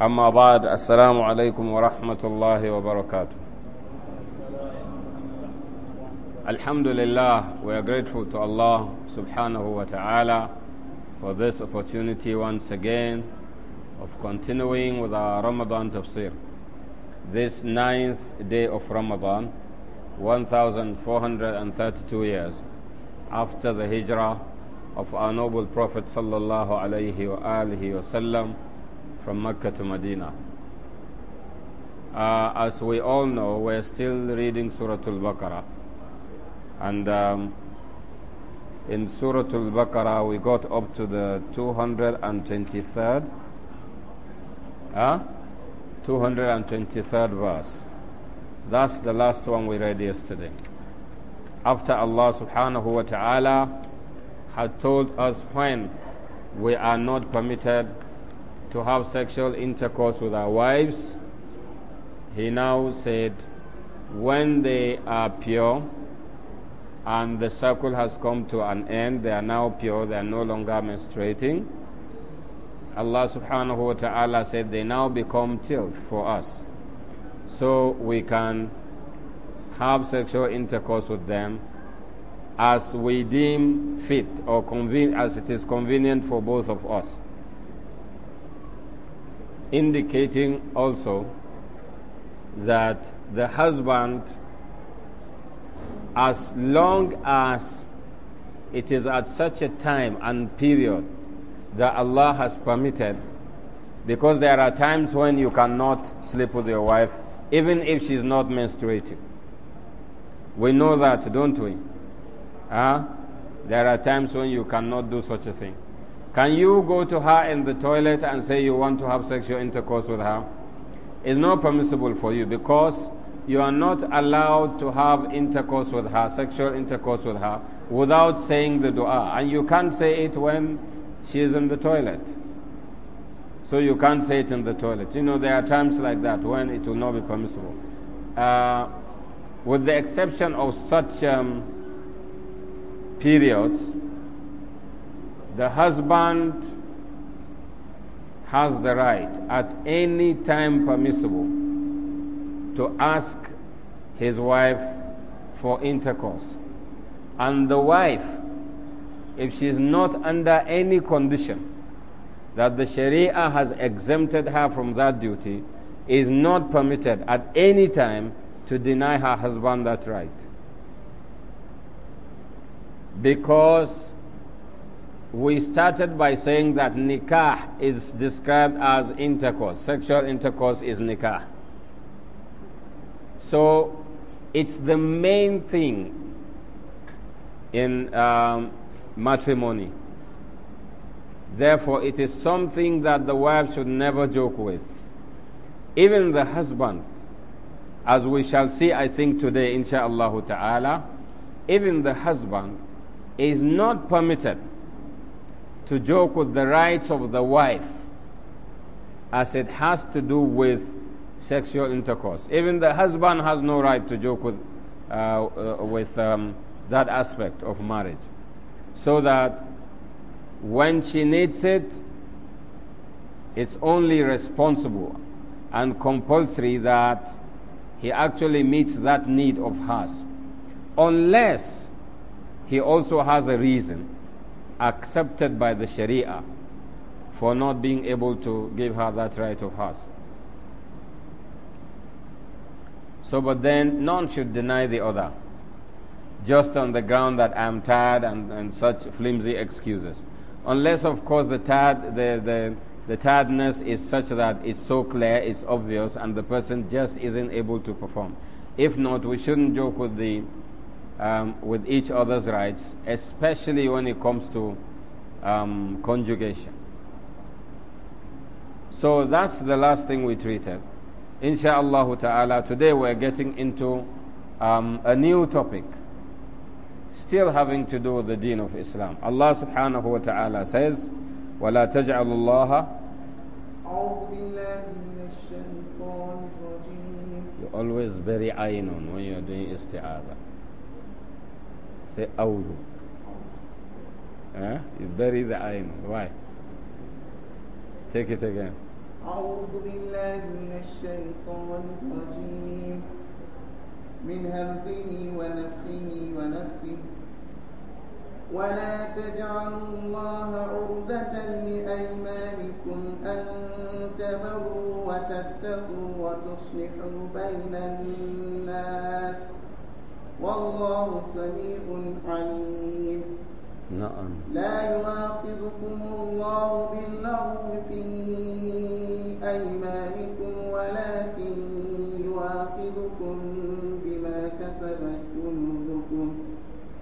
أما بعد السلام عليكم ورحمة الله وبركاته Alhamdulillah, we are grateful to Allah subhanahu wa ta'ala for this opportunity once again of continuing with our Ramadan tafsir. This ninth day of Ramadan, 1432 years after the hijrah of our noble Prophet sallallahu alayhi wa alihi wa sallam from Mecca to Medina. Uh, as we all know, we're still reading Surah Al-Baqarah. And um, in Surah Al-Baqarah, we got up to the 223rd, huh? 223rd verse. That's the last one we read yesterday. After Allah subhanahu wa ta'ala had told us when we are not permitted to have sexual intercourse with our wives, he now said, when they are pure and the cycle has come to an end, they are now pure, they are no longer menstruating. Allah subhanahu wa ta'ala said they now become tilth for us. So we can have sexual intercourse with them as we deem fit or conven- as it is convenient for both of us indicating also that the husband, as long as it is at such a time and period that Allah has permitted, because there are times when you cannot sleep with your wife, even if she's not menstruating. We know that, don't we? Huh? There are times when you cannot do such a thing. Can you go to her in the toilet and say you want to have sexual intercourse with her? It's not permissible for you because you are not allowed to have intercourse with her, sexual intercourse with her, without saying the dua. And you can't say it when she is in the toilet. So you can't say it in the toilet. You know, there are times like that when it will not be permissible. Uh, with the exception of such um, periods, the husband has the right at any time permissible to ask his wife for intercourse. And the wife, if she is not under any condition that the Sharia has exempted her from that duty, is not permitted at any time to deny her husband that right. Because we started by saying that nikah is described as intercourse. Sexual intercourse is nikah. So it's the main thing in um, matrimony. Therefore, it is something that the wife should never joke with. Even the husband, as we shall see, I think today, insha'Allah ta'ala, even the husband is not permitted to joke with the rights of the wife as it has to do with sexual intercourse. Even the husband has no right to joke with, uh, uh, with um, that aspect of marriage. So that when she needs it, it's only responsible and compulsory that he actually meets that need of hers. Unless he also has a reason accepted by the Sharia for not being able to give her that right of hers. So, but then none should deny the other, just on the ground that I'm tired and, and such flimsy excuses. Unless, of course, the, tired, the, the, the tiredness is such that it's so clear, it's obvious, and the person just isn't able to perform. If not, we shouldn't joke with the um, with each other's rights, especially when it comes to um, conjugation. So that's the last thing we treated. Insha'Allah ta'ala, today we're getting into um, a new topic, still having to do with the deen of Islam. Allah subhanahu wa ta'ala says, وَلَا تَجْعَلُ اللَّهَ You always bury ayinun when you're doing isti'adah. say awdu. eh You bury the ayn. Why? Take it again. أعوذ بالله من الشيطان الرجيم من همزه ونفخه ونفثه ولا تجعلوا الله عرضة لأيمانكم أن تبروا وتتقوا وتصلحوا بين الناس والله سميع عليم نعم لا يؤاخذكم الله باللغو في أيمانكم ولكن يؤاخذكم بما كسبت جنودكم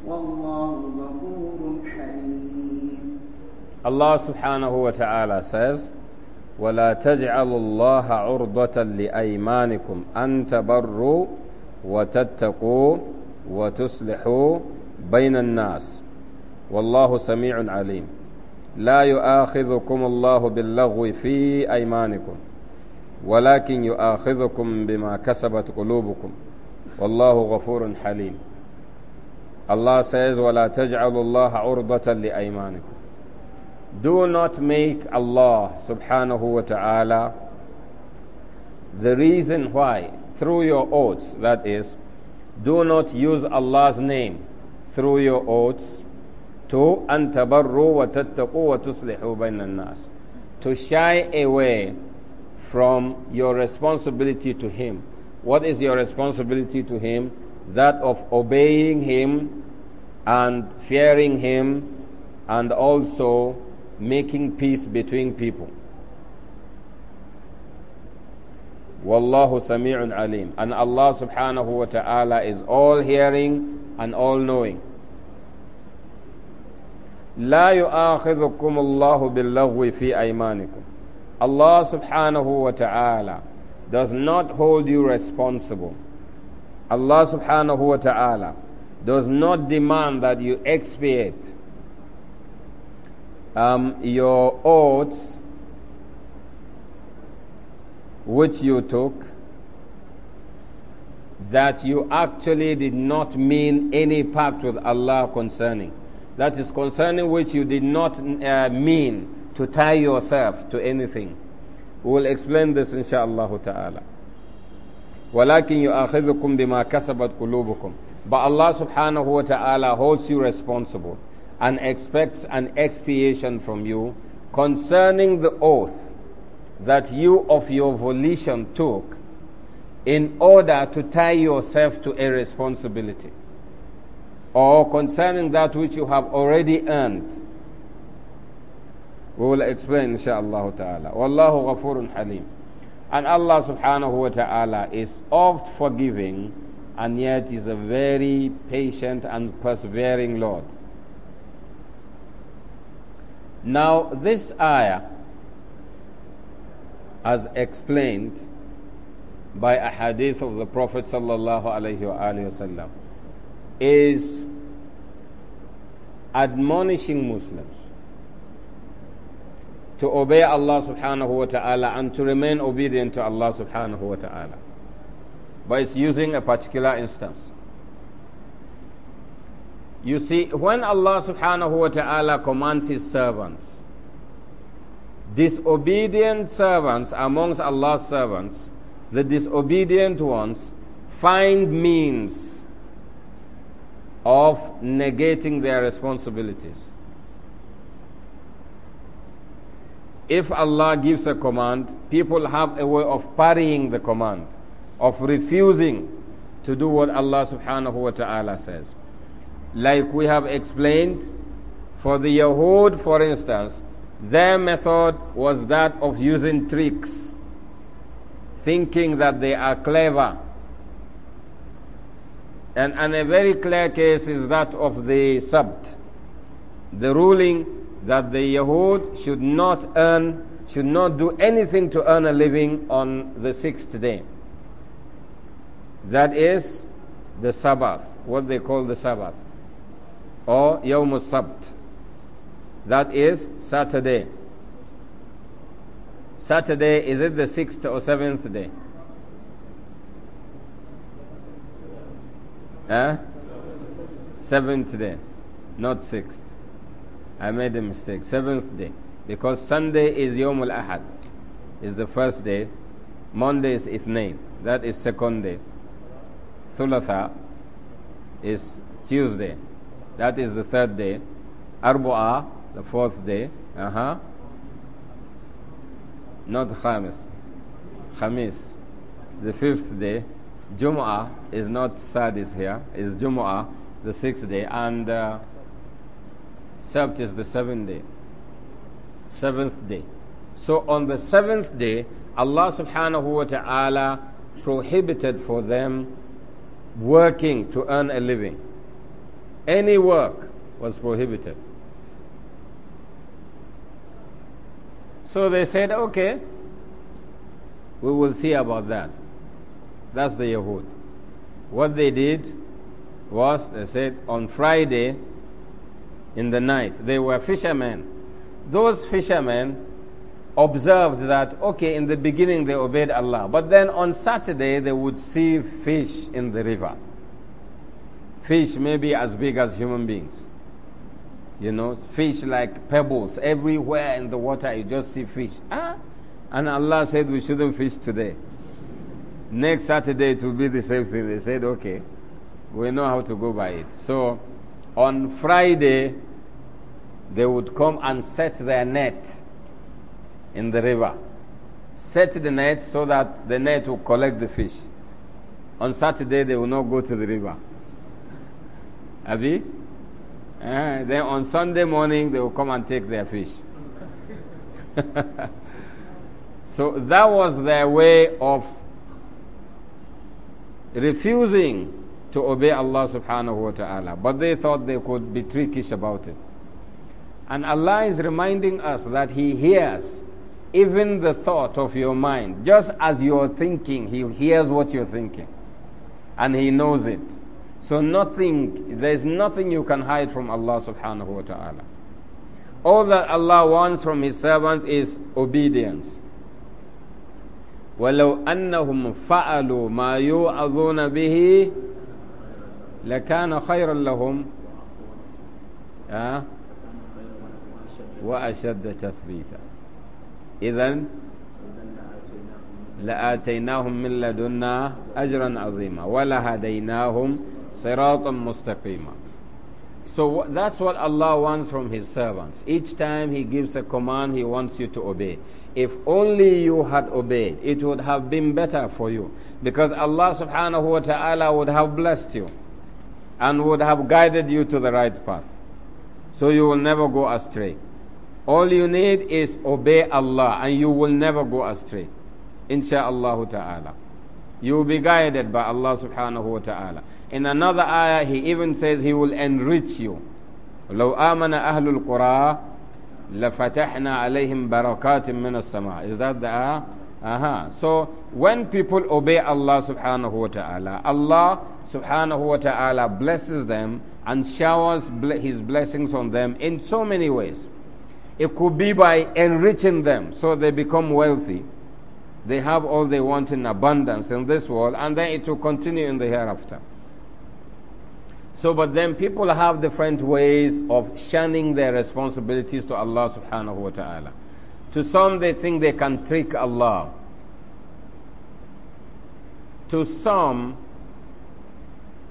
والله غفور حليم الله سبحانه وتعالى says ولا تجعل الله عرضة لأيمانكم أن تبروا وتتقوا وتصلحوا بين الناس والله سميع عليم لا يؤاخذكم الله باللغو في أيمانكم ولكن يؤاخذكم بما كسبت قلوبكم والله غفور حليم Allah says ولا تجعلوا الله عرضة لأيمانكم Do not make Allah subhanahu wa ta'ala the reason why through your oaths that is Do not use Allah's name through your oaths. To أن تبروا وتتقوا وتصلحوا بين nas To shy away from your responsibility to Him. What is your responsibility to Him? That of obeying Him and fearing Him and also making peace between people. Wallahu Sami'un Alim. And Allah subhanahu wa ta'ala is all hearing and all knowing. لا يؤاخذكم الله باللغو في أيمانكم. Allah subhanahu wa ta'ala does not hold you responsible. Allah subhanahu wa ta'ala does not demand that you expiate um, your oaths which you took that you actually did not mean any pact with Allah concerning. That is concerning which you did not uh, mean to tie yourself to anything. We will explain this inshaAllah ta'ala. ولكن بما كسبت قلوبكم but Allah subhanahu wa ta'ala holds you responsible and expects an expiation from you concerning the oath that you of your volition took in order to tie yourself to a responsibility or concerning that which you have already earned. We will explain insha'Allah ta'ala. Wallahu ghafurun halim. And Allah subhanahu wa ta'ala is oft forgiving and yet is a very patient and persevering Lord. Now this ayah as explained by a hadith of the Prophet sallallahu alaihi wasallam is admonishing Muslims to obey Allah subhanahu wa ta'ala and to remain obedient to Allah subhanahu wa ta'ala. But it's using a particular instance. You see, when Allah subhanahu wa ta'ala commands his servants disobedient servants amongst Allah's servants, the disobedient ones, find means of negating their responsibilities. If Allah gives a command, people have a way of parrying the command, of refusing to do what Allah subhanahu wa ta'ala says. Like we have explained, for the Yahud, for instance, their method was that of using tricks, thinking that they are clever. And, and a very clear case is that of the Sabt, the ruling that the Yahud should not earn, should not do anything to earn a living on the sixth day. That is the Sabbath, what they call the Sabbath, or Yawm Sabt. That is Saturday. Saturday, is it the sixth or seventh day? Eh? Seventh day, not sixth. I made a mistake. Seventh day. Because Sunday is Yom al Ahad, is the first day. Monday is Ithnain, that is second day. Thulatha is Tuesday, that is the third day. Arbu'a the fourth day. Uh huh. Not Khamis. Khamis. The fifth day. Jumu'ah is not Sadis here, is Jumu'ah, the sixth day, and uh, Sabt is the seventh day. Seventh day. So on the seventh day, Allah subhanahu wa ta'ala prohibited for them working to earn a living. Any work was prohibited. So they said, okay, we will see about that. That's the Yahud. What they did was, they said, on Friday in the night, they were fishermen. Those fishermen observed that, okay, in the beginning they obeyed Allah, but then on Saturday they would see fish in the river. Fish maybe as big as human beings. You know, fish like pebbles everywhere in the water, you just see fish. Ah! And Allah said we shouldn't fish today. Next Saturday it will be the same thing. They said, okay, we know how to go by it. So on Friday, they would come and set their net in the river. Set the net so that the net will collect the fish. On Saturday, they will not go to the river. Abi? Eh? Then on Sunday morning, they will come and take their fish. so that was their way of refusing to obey Allah subhanahu wa ta'ala. But they thought they could be trickish about it. And Allah is reminding us that He hears even the thought of your mind. Just as you're thinking, He hears what you're thinking. And He knows it. So nothing, there is nothing you can hide from Allah subhanahu wa ta'ala. All that Allah wants from His servants is obedience. ولو أنهم فعلوا ما يوعظون به لكان خيرا لهم أه؟ وأشد تثبيتا إذا لآتيناهم من لدنا أجرا عظيما ولهديناهم Siratan mustaqima. So that's what Allah wants from His servants. Each time He gives a command, He wants you to obey. If only you had obeyed, it would have been better for you. Because Allah subhanahu wa ta'ala would have blessed you and would have guided you to the right path. So you will never go astray. All you need is obey Allah and you will never go astray. Insha'Allah ta'ala. You will be guided by Allah subhanahu wa ta'ala. In another ayah, he even says he will enrich you. لو آمن أهل القرى لفتحنا عليهم بركات من السماء. Is that the ayah? Uh-huh. So when people obey Allah subhanahu wa ta'ala, Allah subhanahu wa ta'ala blesses them and showers his blessings on them in so many ways. It could be by enriching them so they become wealthy. They have all they want in abundance in this world and then it will continue in the hereafter. So, but then people have different ways of shunning their responsibilities to Allah subhanahu wa ta'ala. To some, they think they can trick Allah. To some,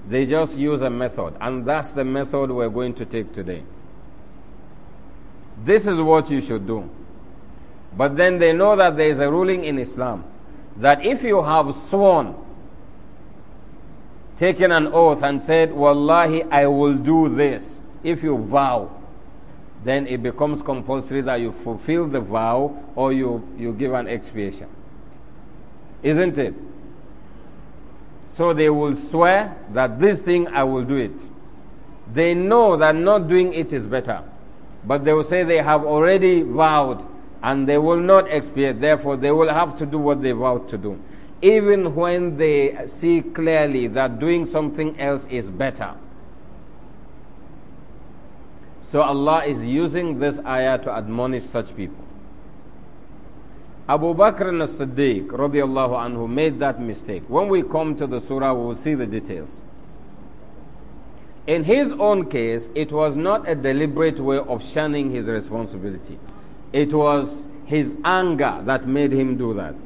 they just use a method, and that's the method we're going to take today. This is what you should do. But then they know that there is a ruling in Islam that if you have sworn taken an oath and said, Wallahi, I will do this, if you vow, then it becomes compulsory that you fulfill the vow or you, you give an expiation. Isn't it? So they will swear that this thing I will do it. They know that not doing it is better. But they will say they have already vowed and they will not expiate. Therefore, they will have to do what they vowed to do even when they see clearly that doing something else is better. So Allah is using this ayah to admonish such people. Abu Bakr as Siddiq anhu made that mistake. When we come to the surah, we will see the details. In his own case, it was not a deliberate way of shunning his responsibility. It was his anger that made him do that.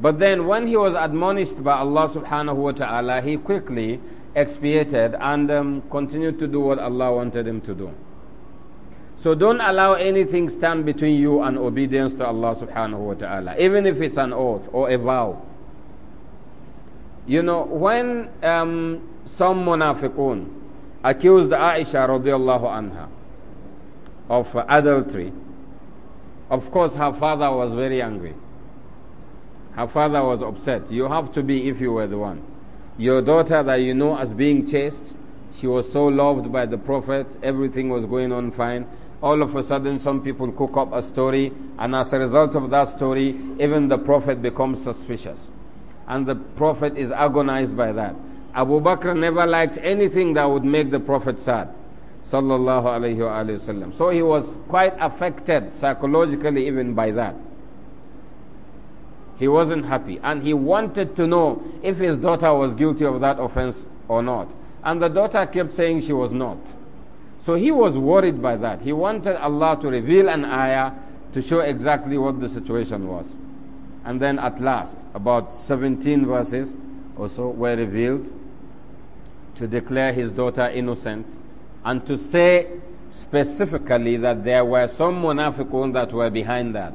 But then when he was admonished by Allah subhanahu wa ta'ala, he quickly expiated and um, continued to do what Allah wanted him to do. So don't allow anything stand between you and obedience to Allah subhanahu wa ta'ala, even if it's an oath or a vow. You know, when um, some munafiqun accused Aisha radiallahu anha of adultery, of course her father was very angry. Her father was upset. You have to be if you were the one. Your daughter that you know as being chaste, she was so loved by the Prophet, everything was going on fine. All of a sudden, some people cook up a story, and as a result of that story, even the Prophet becomes suspicious. And the Prophet is agonized by that. Abu Bakr never liked anything that would make the Prophet sad. Sallallahu alayhi wa So he was quite affected psychologically even by that. He wasn't happy. And he wanted to know if his daughter was guilty of that offense or not. And the daughter kept saying she was not. So he was worried by that. He wanted Allah to reveal an ayah to show exactly what the situation was. And then at last, about 17 verses or so were revealed to declare his daughter innocent and to say specifically that there were some munafiqun that were behind that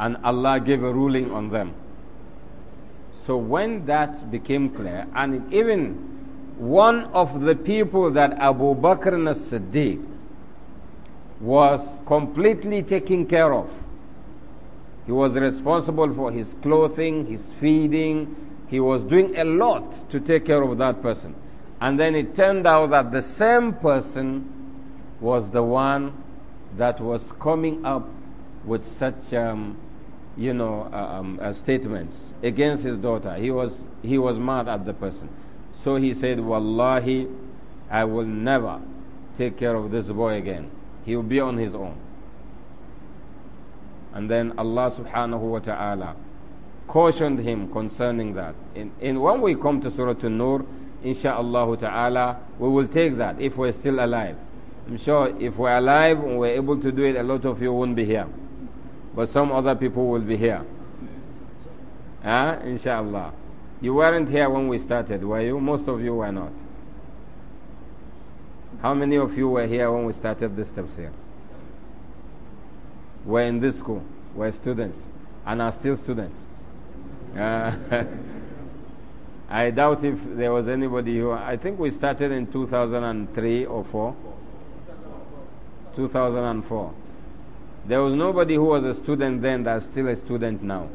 and Allah gave a ruling on them. So when that became clear, and even one of the people that Abu Bakr as Siddiq was completely taken care of, he was responsible for his clothing, his feeding, he was doing a lot to take care of that person. And then it turned out that the same person was the one that was coming up with such um, you know, uh, um, uh, statements against his daughter. He was, he was mad at the person. So he said, Wallahi, I will never take care of this boy again. He will be on his own. And then Allah subhanahu wa ta'ala cautioned him concerning that. And, when we come to Surah An-Nur, insha'Allah ta'ala, we will take that if we're still alive. I'm sure if we're alive and we're able to do it, a lot of you won't be here. But some other people will be here. Ah, huh? inshallah. You weren't here when we started, were you? Most of you were not. How many of you were here when we started this tafsir? We're in this school, we're students, and are still students. Uh, I doubt if there was anybody who. I think we started in 2003 or 4. 2004. There was nobody who was a student then that's still a student now.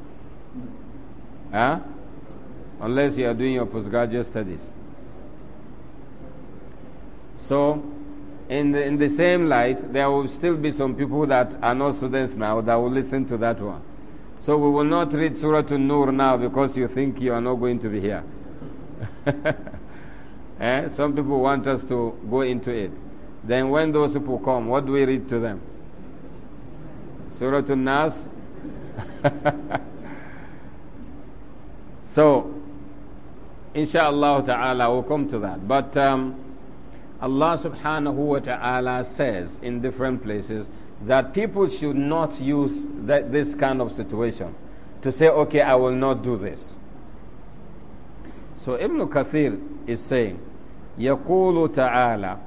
Huh? Unless you are doing your postgraduate studies. So, in the, in the same light, there will still be some people that are not students now that will listen to that one. So, we will not read Surah to Nur now because you think you are not going to be here. eh? Some people want us to go into it. Then, when those people come, what do we read to them? Surah Al nas so, insha'Allah ta'ala, we'll come to that. But um, Allah subhanahu wa ta'ala says in different places that people should not use that, this kind of situation to say, okay, I will not do this. So Ibn Kathir is saying, يقول تعالى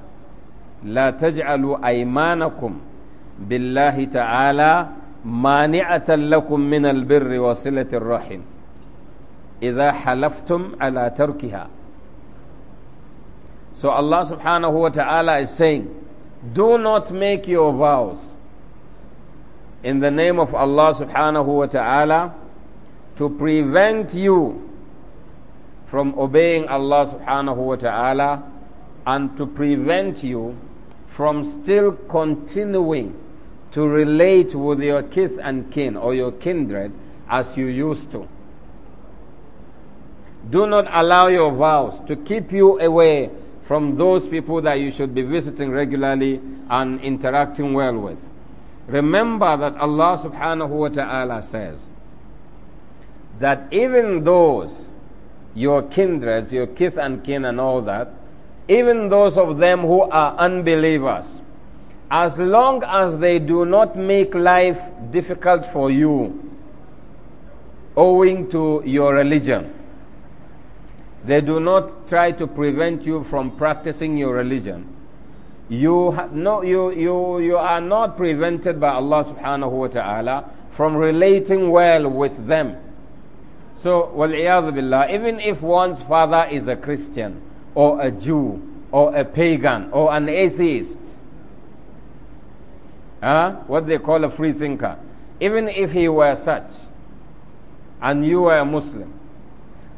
لا تجعلوا أيمانكم billahi ta'ala mani'atan lakum min albirri wa silatir rahim idha halaftum ala tarkiha so Allah subhanahu wa ta'ala is saying do not make your vows in the name of Allah subhanahu wa ta'ala to prevent you from obeying Allah subhanahu wa ta'ala and to prevent you from still continuing to relate with your kith and kin or your kindred as you used to. Do not allow your vows to keep you away from those people that you should be visiting regularly and interacting well with. Remember that Allah subhanahu wa ta'ala says that even those, your kindreds, your kith and kin and all that, even those of them who are unbelievers, as long as they do not make life difficult for you owing to your religion. They do not try to prevent you from practicing your religion. You, ha- no, you, you, you are not prevented by Allah subhanahu wa ta'ala from relating well with them. So, billah, even if one's father is a Christian or a Jew or a pagan or an atheist, uh, what they call a free thinker, even if he were such and you were a Muslim,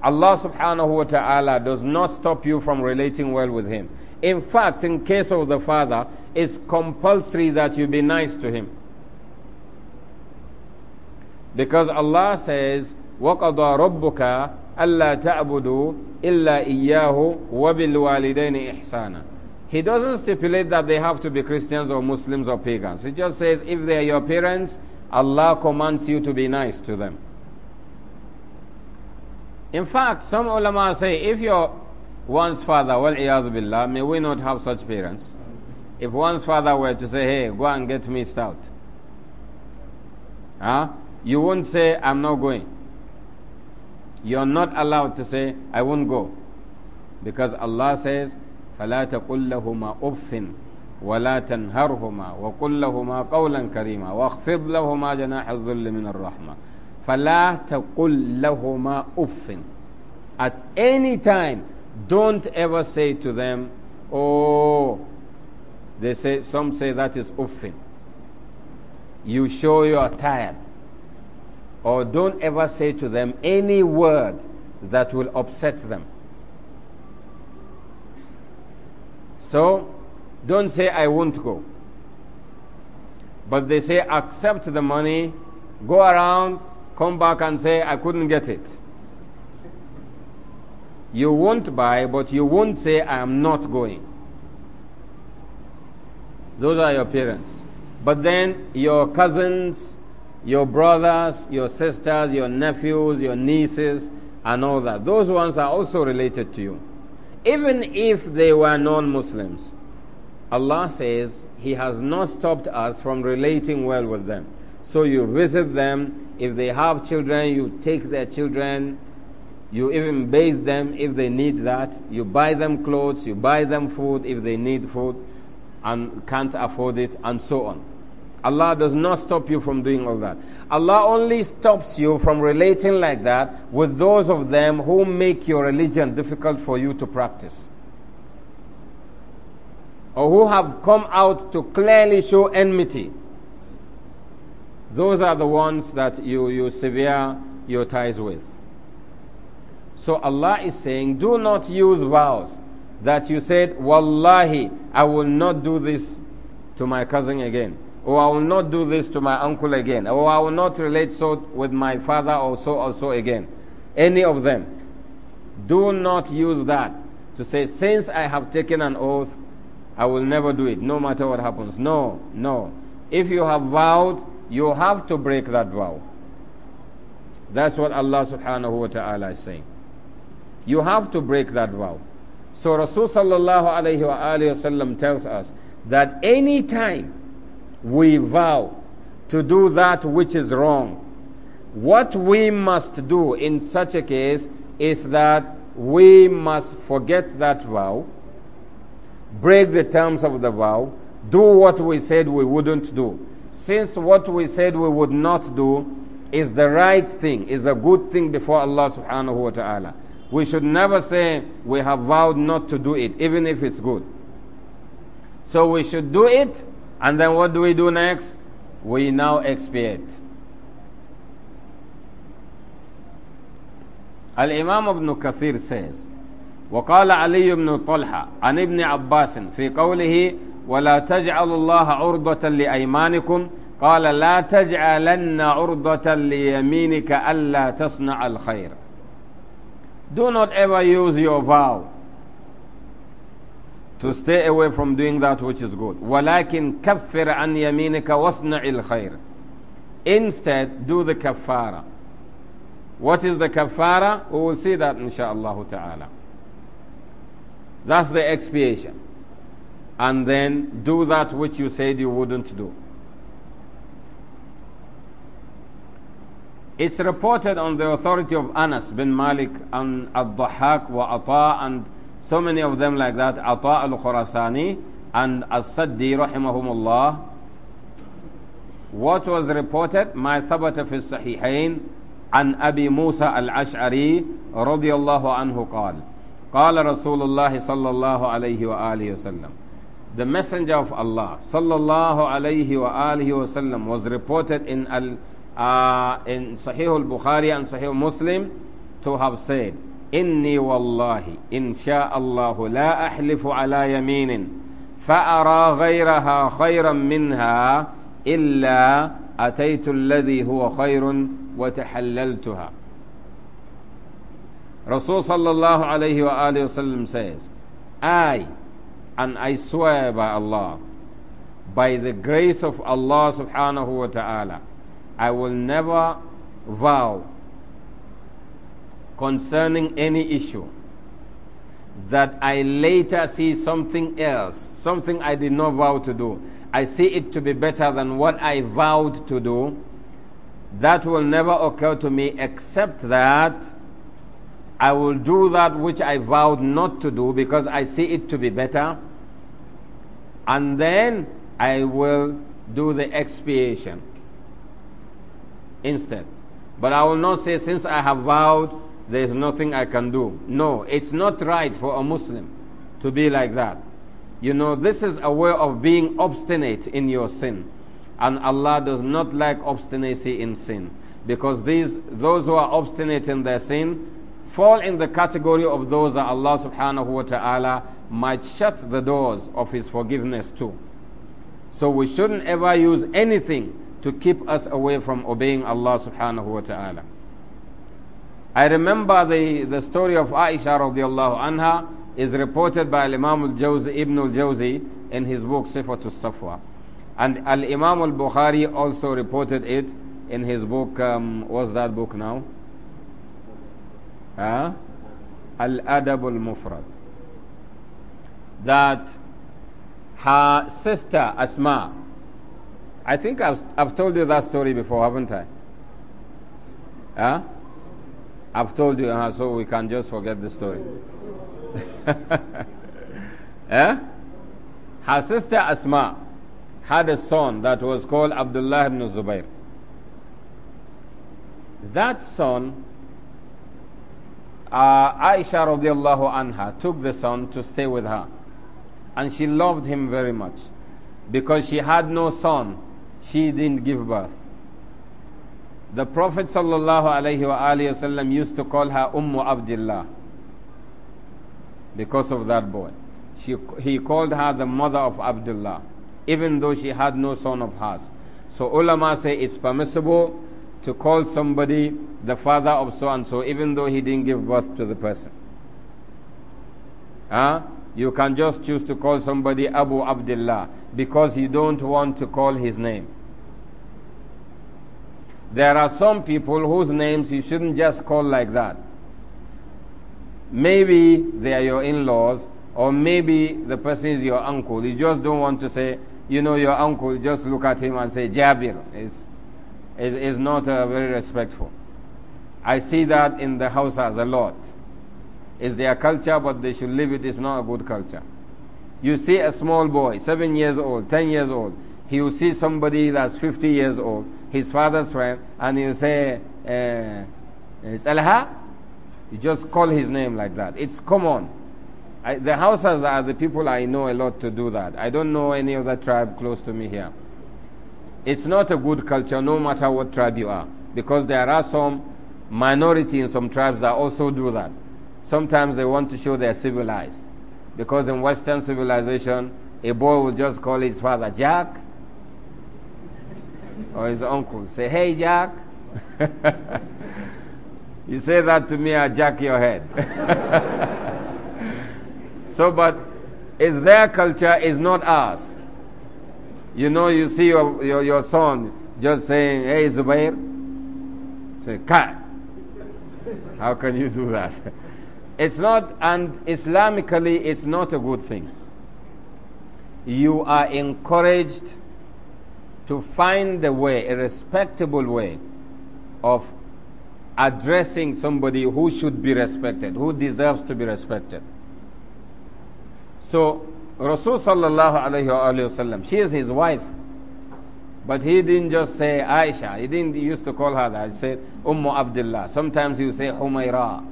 Allah subhanahu wa ta'ala does not stop you from relating well with him. In fact, in case of the father, it's compulsory that you be nice to him. Because Allah says, وَقَضَى رَبُّكَ أَلَّا تَعْبُدُوا إِلَّا إِيَّاهُ وَبِالْوَالِدَيْنِ إِحْسَانًا he doesn't stipulate that they have to be Christians or Muslims or pagans. He just says, if they are your parents, Allah commands you to be nice to them. In fact, some ulama say, if your one's father, well, billah, may we not have such parents. If one's father were to say, hey, go and get me stout, huh? you won't say, I'm not going. You're not allowed to say, I won't go. Because Allah says, فلا تقل لهما أف ولا تنهرهما وقل لهما قولا كريما واخفض لهما جناح الذل من الرحمة فلا تقل لهما أف At any time, don't ever say to them, Oh, they say, some say that is uffin. You show you are tired. Or don't ever say to them any word that will upset them. So don't say, I won't go. But they say, accept the money, go around, come back and say, I couldn't get it. You won't buy, but you won't say, I am not going. Those are your parents. But then your cousins, your brothers, your sisters, your nephews, your nieces, and all that. Those ones are also related to you even if they were non Muslims. Allah says He has not stopped us from relating well with them. So you visit them. If they have children, you take their children. You even bathe them if they need that. You buy them clothes. You buy them food if they need food and can't afford it, and so on. Allah does not stop you from doing all that. Allah only stops you from relating like that with those of them who make your religion difficult for you to practice. Or who have come out to clearly show enmity. Those are the ones that you, you sever your ties with. So Allah is saying, do not use vows that you said, Wallahi, I will not do this to my cousin again or oh, I will not do this to my uncle again, or oh, I will not relate so with my father or so or so again. Any of them. Do not use that to say, since I have taken an oath, I will never do it, no matter what happens. No, no. If you have vowed, you have to break that vow. That's what Allah subhanahu wa ta'ala is saying. You have to break that vow. So Rasulullah sallallahu alayhi wa tells us that any time we vow to do that which is wrong. What we must do in such a case is that we must forget that vow, break the terms of the vow, do what we said we wouldn't do. Since what we said we would not do is the right thing, is a good thing before Allah subhanahu wa ta'ala. We should never say we have vowed not to do it, even if it's good. So we should do it and then what do we do next? We now expiate. الإمام ابن كثير says وقال علي بن طلحة عن ابن عباس في قوله ولا تَجْعَلُ الله عرضة لأيمانكم قال لا تجعلن عرضة ليمينك ألا تصنع الخير Do not ever use your vow to stay away from doing that which is good. وَلَكِنْ كَفِّرْ عَنْ يَمِينِكَ وَاصْنَعِ الْخَيْرِ Instead, do the kafara. What is the kafara? We will see that insha'Allah ta'ala. That's the expiation. And then do that which you said you wouldn't do. It's reported on the authority of Anas bin Malik and al dahhak wa Ata and so many of them like that, Ata al Khurasani and As Saddi rahimahumullah. What was reported? My thabata fi sahihain عن أبي موسى الأشعري رضي الله عنه قال قال رسول الله صلى الله عليه وآله وسلم The messenger of Allah صلى الله عليه وآله وسلم was reported in, al, uh, in Sahih al-Bukhari and Sahih Muslim to have said إني والله إن شاء الله لا أحلف على يمين فأرى غيرها خيرا منها إلا أتيت الذي هو خير وتحللتها رسول صلى الله عليه وآله وسلم says I and I swear by Allah by the grace of Allah subhanahu wa ta'ala I will never vow concerning any issue that I later see something else, something I did not vow to do, I see it to be better than what I vowed to do, that will never occur to me except that I will do that which I vowed not to do because I see it to be better, and then I will do the expiation instead. But I will not say, since I have vowed, there is nothing I can do. No, it's not right for a Muslim to be like that. You know, this is a way of being obstinate in your sin. And Allah does not like obstinacy in sin. Because these, those who are obstinate in their sin fall in the category of those that Allah subhanahu wa ta'ala might shut the doors of His forgiveness to. So we shouldn't ever use anything to keep us away from obeying Allah subhanahu wa ta'ala. I remember the, the story of Aisha radiallahu anha is reported by Imam al-Jawzi, Ibn al-Jawzi in his book Sifat al-Safwa. And Al-Imam al-Bukhari also reported it in his book, um, what's that book now? Huh? Al-Adab al-Mufrad. That her sister Asma, I think I've, I've told you that story before, haven't I? Huh? I've told you, uh, so we can just forget the story. eh? Her sister Asma had a son that was called Abdullah ibn Zubair. That son, uh, Aisha radiallahu anha took the son to stay with her. And she loved him very much because she had no son. She didn't give birth. The Prophet sallallahu used to call her Ummu Abdullah because of that boy. She, he called her the mother of Abdullah, even though she had no son of hers. So ulama say it's permissible to call somebody the father of so and so, even though he didn't give birth to the person. Huh? You can just choose to call somebody Abu Abdullah because you don't want to call his name. There are some people whose names you shouldn't just call like that. Maybe they are your in laws, or maybe the person is your uncle. You just don't want to say, you know, your uncle, just look at him and say, Jabir. It's, it's, it's not uh, very respectful. I see that in the house as a lot. It's their culture, but they should leave it. It's not a good culture. You see a small boy, seven years old, ten years old, he will see somebody that's 50 years old, his father's friend, and he'll say, "It's eh, eh, Alha." you just call his name like that. It's common. I, the Hausas are the people I know a lot to do that. I don't know any other tribe close to me here. It's not a good culture, no matter what tribe you are, because there are some minority in some tribes that also do that. Sometimes they want to show they're civilized, because in Western civilization, a boy will just call his father Jack, or his uncle. Say, hey, Jack. you say that to me, I jack your head. so, but it's their culture, it's not ours. You know, you see your, your, your son just saying, hey, Zubair. Say, "Cut! How can you do that? It's not, and Islamically, it's not a good thing. You are encouraged to find a way, a respectable way of addressing somebody who should be respected, who deserves to be respected. So, Rasulullah sallallahu she is his wife. But he didn't just say Aisha. He didn't he used to call her that. He said Ummu Abdullah. Sometimes he would say Humaira.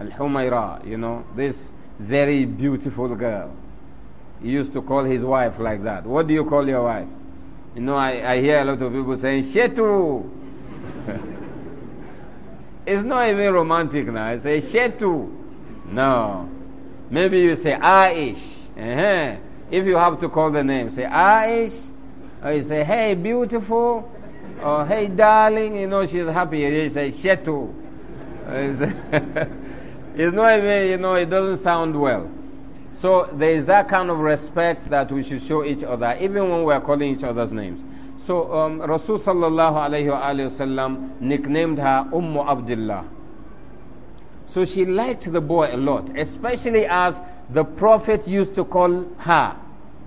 Al Humaira, you know, this very beautiful girl. He used to call his wife like that. What do you call your wife? You know, I, I hear a lot of people saying, Shetu. it's not even romantic now. I say, Shetu. No. Maybe you say, Aish. Uh-huh. If you have to call the name, say, Aish. Or you say, hey, beautiful. Or hey, darling. You know, she's happy. You say, Shetu. it's not even, you know, it doesn't sound well. So there is that kind of respect that we should show each other, even when we are calling each other's names. So um, Rasul sallallahu alayhi wasallam nicknamed her Ummu Abdullah. So she liked the boy a lot, especially as the Prophet used to call her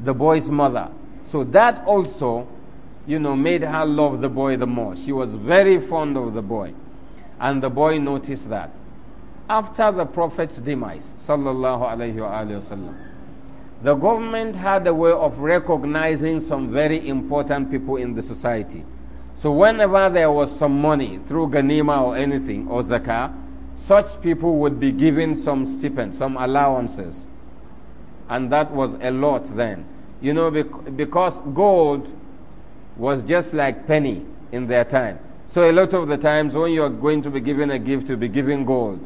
the boy's mother. So that also, you know, made her love the boy the more. She was very fond of the boy. And the boy noticed that after the Prophet's demise, sallallahu alayhi wasallam, the government had a way of recognizing some very important people in the society. So whenever there was some money through ganima or anything or zakah, such people would be given some stipend, some allowances. And that was a lot then. You know, because gold was just like penny in their time. So a lot of the times when you're going to be given a gift, you'll be given gold.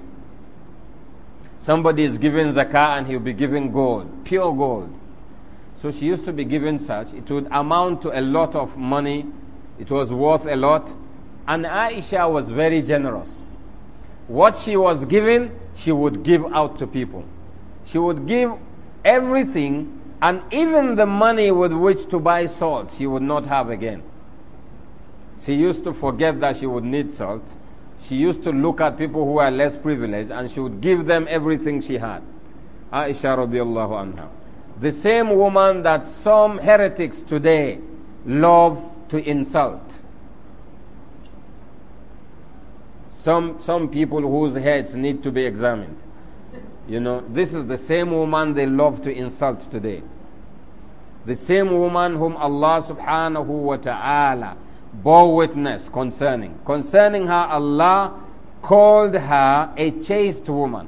Somebody is giving zakah and he'll be giving gold, pure gold. So she used to be given such. It would amount to a lot of money. It was worth a lot. And Aisha was very generous. What she was given, she would give out to people. She would give everything and even the money with which to buy salt, she would not have again. She used to forget that she would need salt she used to look at people who are less privileged and she would give them everything she had. Aisha radiallahu anha. The same woman that some heretics today love to insult. Some, some people whose heads need to be examined. You know, this is the same woman they love to insult today. The same woman whom Allah subhanahu wa ta'ala bore witness concerning. Concerning her, Allah called her a chaste woman.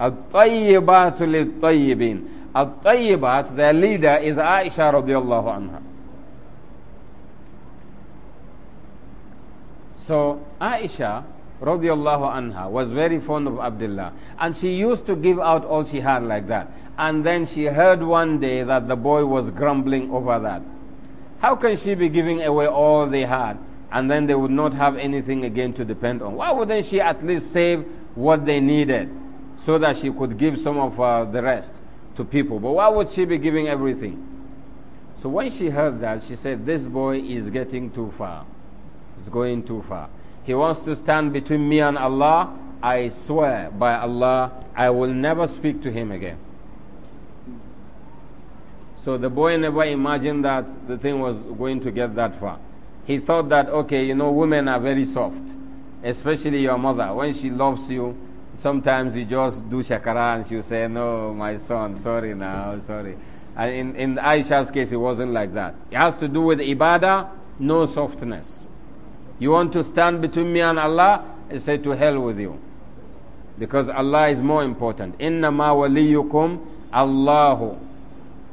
الطيبات للطيبين tayyibat their leader is Aisha radiyallahu anha so Aisha radiyallahu anha was very fond of Abdullah and she used to give out all she had like that and then she heard one day that the boy was grumbling over that how can she be giving away all they had and then they would not have anything again to depend on? Why wouldn't she at least save what they needed so that she could give some of uh, the rest to people? But why would she be giving everything? So when she heard that, she said, This boy is getting too far. He's going too far. He wants to stand between me and Allah. I swear by Allah, I will never speak to him again. So the boy never imagined that the thing was going to get that far. He thought that, okay, you know, women are very soft, especially your mother. When she loves you, sometimes you just do shakara and she'll say, no, my son, sorry now, sorry. And in, in Aisha's case, it wasn't like that. It has to do with ibadah, no softness. You want to stand between me and Allah? I say, to hell with you. Because Allah is more important. Inna ma waliyukum Allahu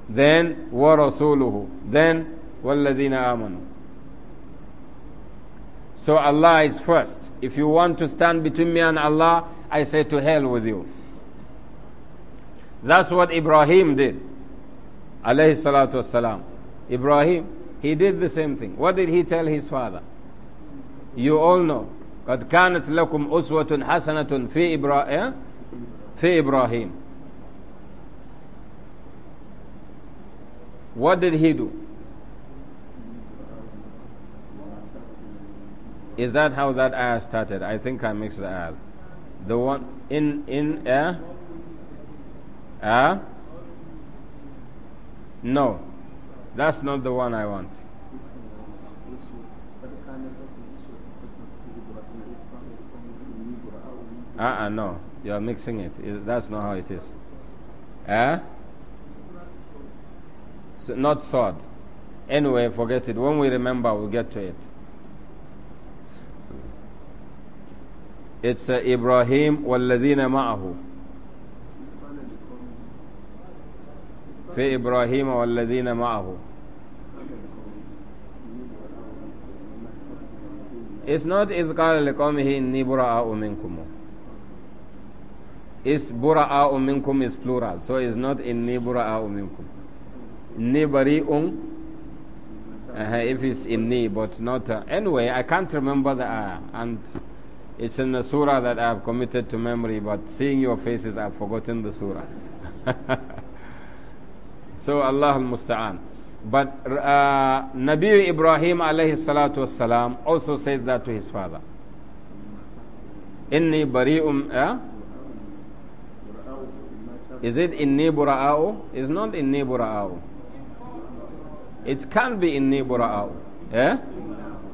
then ورسوله then والذين آمنوا so Allah is first if you want to stand between me and Allah I say to hell with you that's what Ibrahim did alayhi salatu wasalam Ibrahim he did the same thing what did he tell his father you all know قد كانت لكم أسوة حسنة في إبراهيم eh? في إبراهيم What did he do? Is that how that ayah started? I think I mixed the ayah. The one in in air? Uh, uh? No. That's not the one I want. Ah, uh, uh no. You're mixing it. That's not how it is. Eh? Uh? not sword. Anyway, forget it. When we remember, we'll get to it. It's uh, Ibrahim waladina ma'ahu. في إبراهيم والذين It's not إذ قال لقومه إني براء منكم. It's براء منكم is plural. So it's not in براء منكم. Inni bari'un. Uh, uh-huh, if it's inni, but not. Uh, anyway, I can't remember the ayah. Uh, and it's in the surah that I have committed to memory, but seeing your faces, I've forgotten the surah. so, Allah al Musta'an. But uh, Nabi Ibrahim alayhi salatu wasalam also said that to his father. Inni bari'um. yeah uh, Is it inni bura'a'u? It's not inni bura'a'u. It can't be in bura'au. yeah?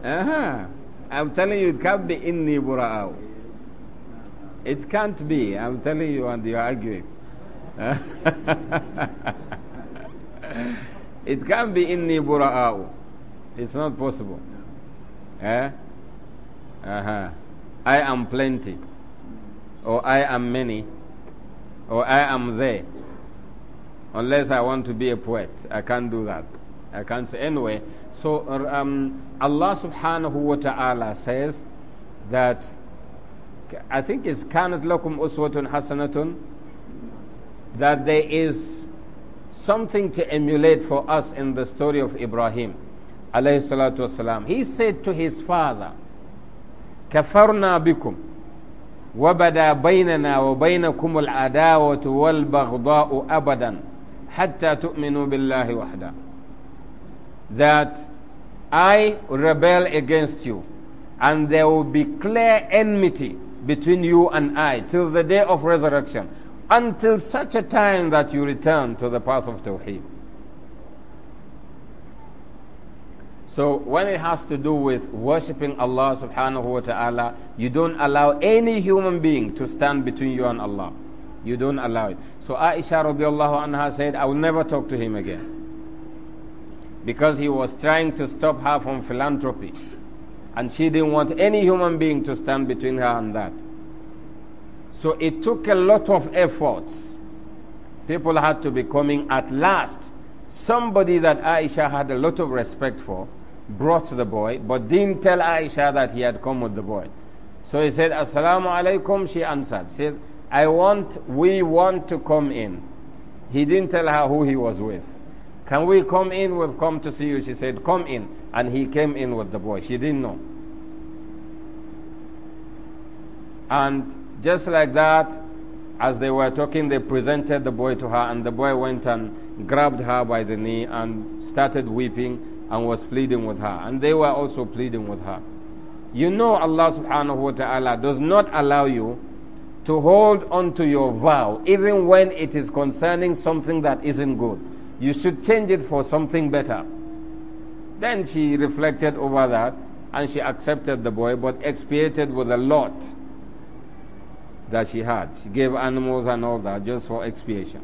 Uh-huh. I'm telling you, it can't be in bura'au. It can't be. I'm telling you, and you're arguing. it can't be in bura'au. It's not possible. Yeah. Uh-huh. I am plenty. Or I am many. Or I am there. Unless I want to be a poet. I can't do that. I can't say anyway. So um, Allah subhanahu wa ta'ala says that I think it's kanat lakum uswatun hasanatun that there is something to emulate for us in the story of Ibrahim alayhi salatu wasalam. He said to his father, kafarna wabada كفرنا wa وبدا بيننا وبينكم العداوة والبغضاء abadan hatta تؤمنوا بالله وحده that I rebel against you, and there will be clear enmity between you and I till the day of resurrection, until such a time that you return to the path of Tawheed. So when it has to do with worshipping Allah subhanahu wa ta'ala, you don't allow any human being to stand between you and Allah. You don't allow it. So Aisha radiallahu anha said, I will never talk to him again because he was trying to stop her from philanthropy. And she didn't want any human being to stand between her and that. So it took a lot of efforts. People had to be coming at last. Somebody that Aisha had a lot of respect for brought the boy, but didn't tell Aisha that he had come with the boy. So he said, Assalamu alaikum. She answered, said, I want, we want to come in. He didn't tell her who he was with. Can we come in? We've come to see you. She said, Come in. And he came in with the boy. She didn't know. And just like that, as they were talking, they presented the boy to her, and the boy went and grabbed her by the knee and started weeping and was pleading with her. And they were also pleading with her. You know, Allah subhanahu wa ta'ala does not allow you to hold on to your vow, even when it is concerning something that isn't good. You should change it for something better. Then she reflected over that and she accepted the boy but expiated with a lot that she had. She gave animals and all that just for expiation.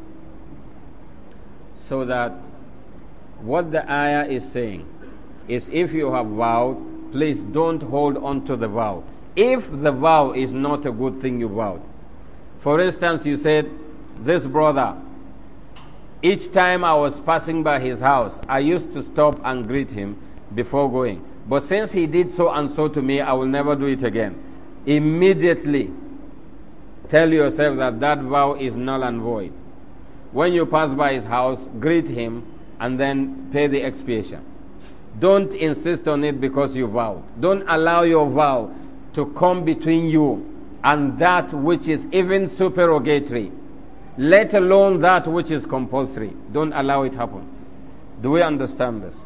So that what the ayah is saying is if you have vowed, please don't hold on to the vow. If the vow is not a good thing you vowed. For instance, you said, This brother, each time I was passing by his house, I used to stop and greet him before going. But since he did so and so to me, I will never do it again. Immediately tell yourself that that vow is null and void. When you pass by his house, greet him and then pay the expiation. Don't insist on it because you vowed. Don't allow your vow to come between you and that which is even supererogatory let alone that which is compulsory. Don't allow it happen. Do we understand this?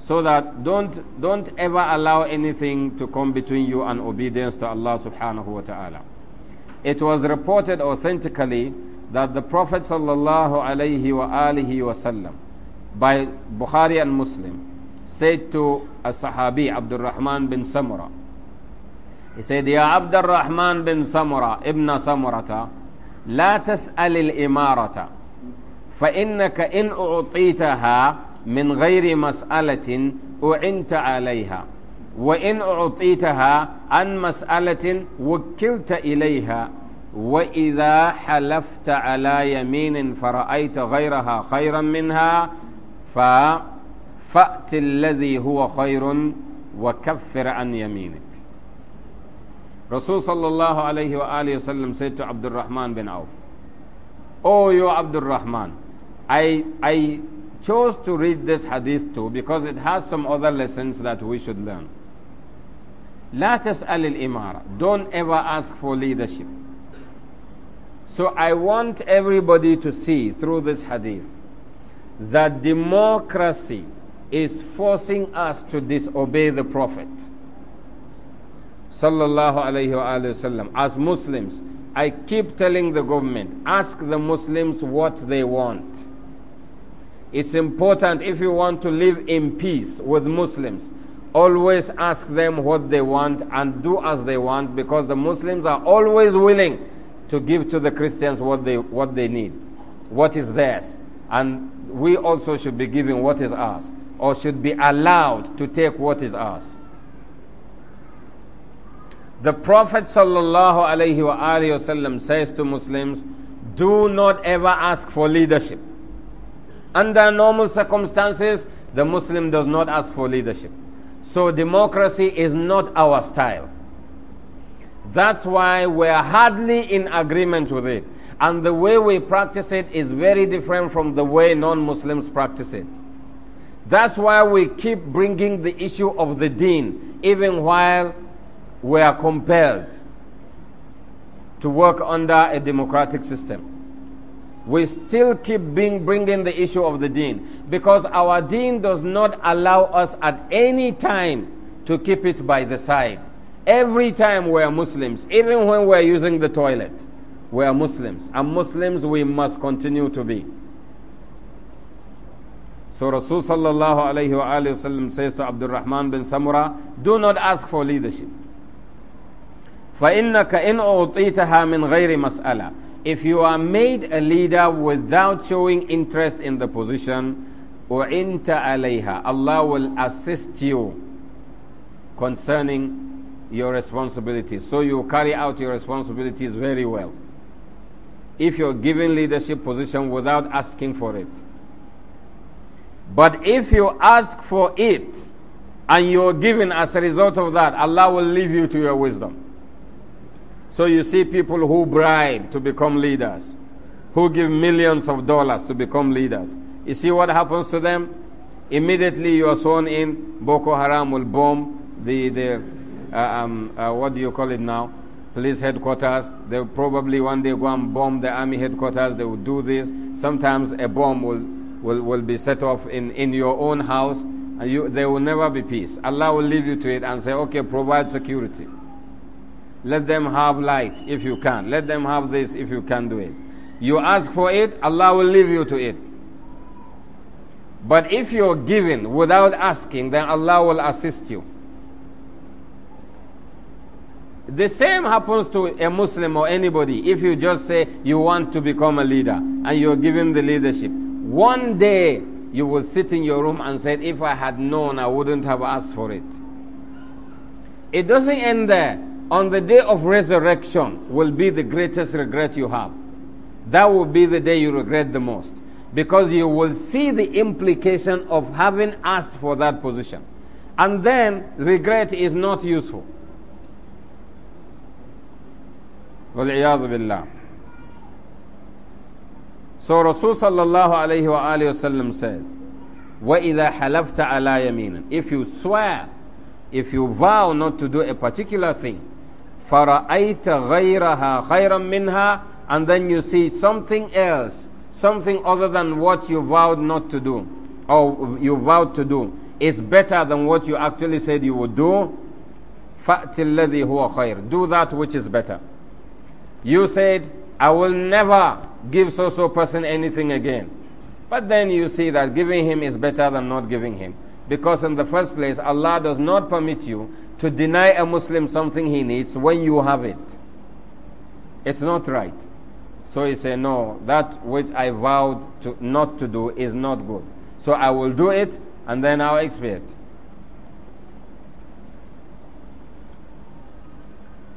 So that don't don't ever allow anything to come between you and obedience to Allah subhanahu wa ta'ala. It was reported authentically that the Prophet sallallahu alaihi wa alihi wasallam by Bukhari and Muslim said to a Sahabi Abdurrahman bin Samurah He said, عبد الرحمن بن سمرة ابن سمرة لا تسأل الإمارة فإنك إن أعطيتها من غير مسألة أعنت عليها وإن أعطيتها عن مسألة وكلت إليها وإذا حلفت على يمين فرأيت غيرها خيرا منها فأت الذي هو خير وكفر عن يمينك Rasulullah sallallahu alayhi wa said to Abdul Rahman bin Auf, Oh, you Abdul Rahman, I, I chose to read this hadith too because it has some other lessons that we should learn. لا تسال imara. الإمارة Don't ever ask for leadership. So I want everybody to see through this hadith that democracy is forcing us to disobey the Prophet sallallahu alayhi wasallam as Muslims. I keep telling the government, ask the Muslims what they want. It's important if you want to live in peace with Muslims, always ask them what they want and do as they want because the Muslims are always willing to give to the Christians what they, what they need, what is theirs. And we also should be giving what is ours or should be allowed to take what is ours. The Prophet ﷺ says to Muslims, do not ever ask for leadership. Under normal circumstances, the Muslim does not ask for leadership. So democracy is not our style. That's why we're hardly in agreement with it. And the way we practice it is very different from the way non Muslims practice it. That's why we keep bringing the issue of the deen, even while were compelled to work under a democratic system. We still keep being, bringing the issue of the deen because our deen does not allow us at any time to keep it by the side. Every time we are Muslims, even when we are using the toilet, we are Muslims. And Muslims we must continue to be. So Rasulullah sallallahu alayhi wa says to Rahman bin Samura, do not ask for leadership. فإنك إن أعطيتها من غير مسألة if you are made a leader without showing interest in the position أعنت عليها Allah will assist you concerning your responsibilities so you carry out your responsibilities very well if you're given leadership position without asking for it but if you ask for it and you're given as a result of that Allah will leave you to your wisdom so you see people who bribe to become leaders, who give millions of dollars to become leaders. You see what happens to them? Immediately you are sworn in, Boko Haram will bomb the, the uh, um, uh, what do you call it now? Police headquarters. They'll probably one day go and bomb the army headquarters. They will do this. Sometimes a bomb will, will, will be set off in, in your own house. And you, there will never be peace. Allah will leave you to it and say, okay, provide security. Let them have light if you can. Let them have this if you can do it. You ask for it, Allah will leave you to it. But if you're giving without asking, then Allah will assist you. The same happens to a Muslim or anybody if you just say you want to become a leader and you're given the leadership. One day you will sit in your room and say, If I had known, I wouldn't have asked for it. It doesn't end there on the day of resurrection will be the greatest regret you have. That will be the day you regret the most because you will see the implication of having asked for that position. And then regret is not useful. So So Rasul sallallahu alayhi wa wasallam said, وَإِذَا حَلَفْتَ عَلَى يَمِينٍ If you swear, if you vow not to do a particular thing, فَرَأَيْتَ غَيْرَهَا خَيْرًا مِنْهَا And then you see something else, something other than what you vowed not to do, or you vowed to do, is better than what you actually said you would do. فَأْتِ الَّذِي هُوَ خَيْرٌ Do that which is better. You said, I will never give so-so person anything again. But then you see that giving him is better than not giving him. Because, in the first place, Allah does not permit you to deny a Muslim something he needs when you have it. It's not right. So he said, No, that which I vowed to, not to do is not good. So I will do it and then I'll expiate.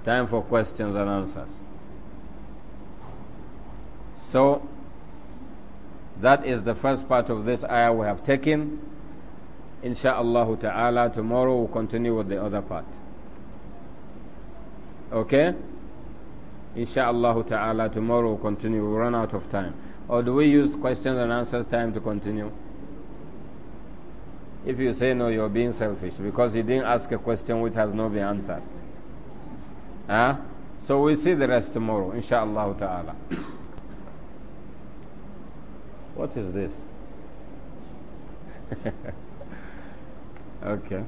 Time for questions and answers. So, that is the first part of this ayah we have taken. Insha'Allah ta'ala, tomorrow we'll continue with the other part. Okay? Insha'Allah ta'ala, tomorrow we'll continue. We'll run out of time. Or do we use questions and answers time to continue? If you say no, you're being selfish because he didn't ask a question which has not been answered. Huh? So we'll see the rest tomorrow, inshallah ta'ala. what is this? Okay.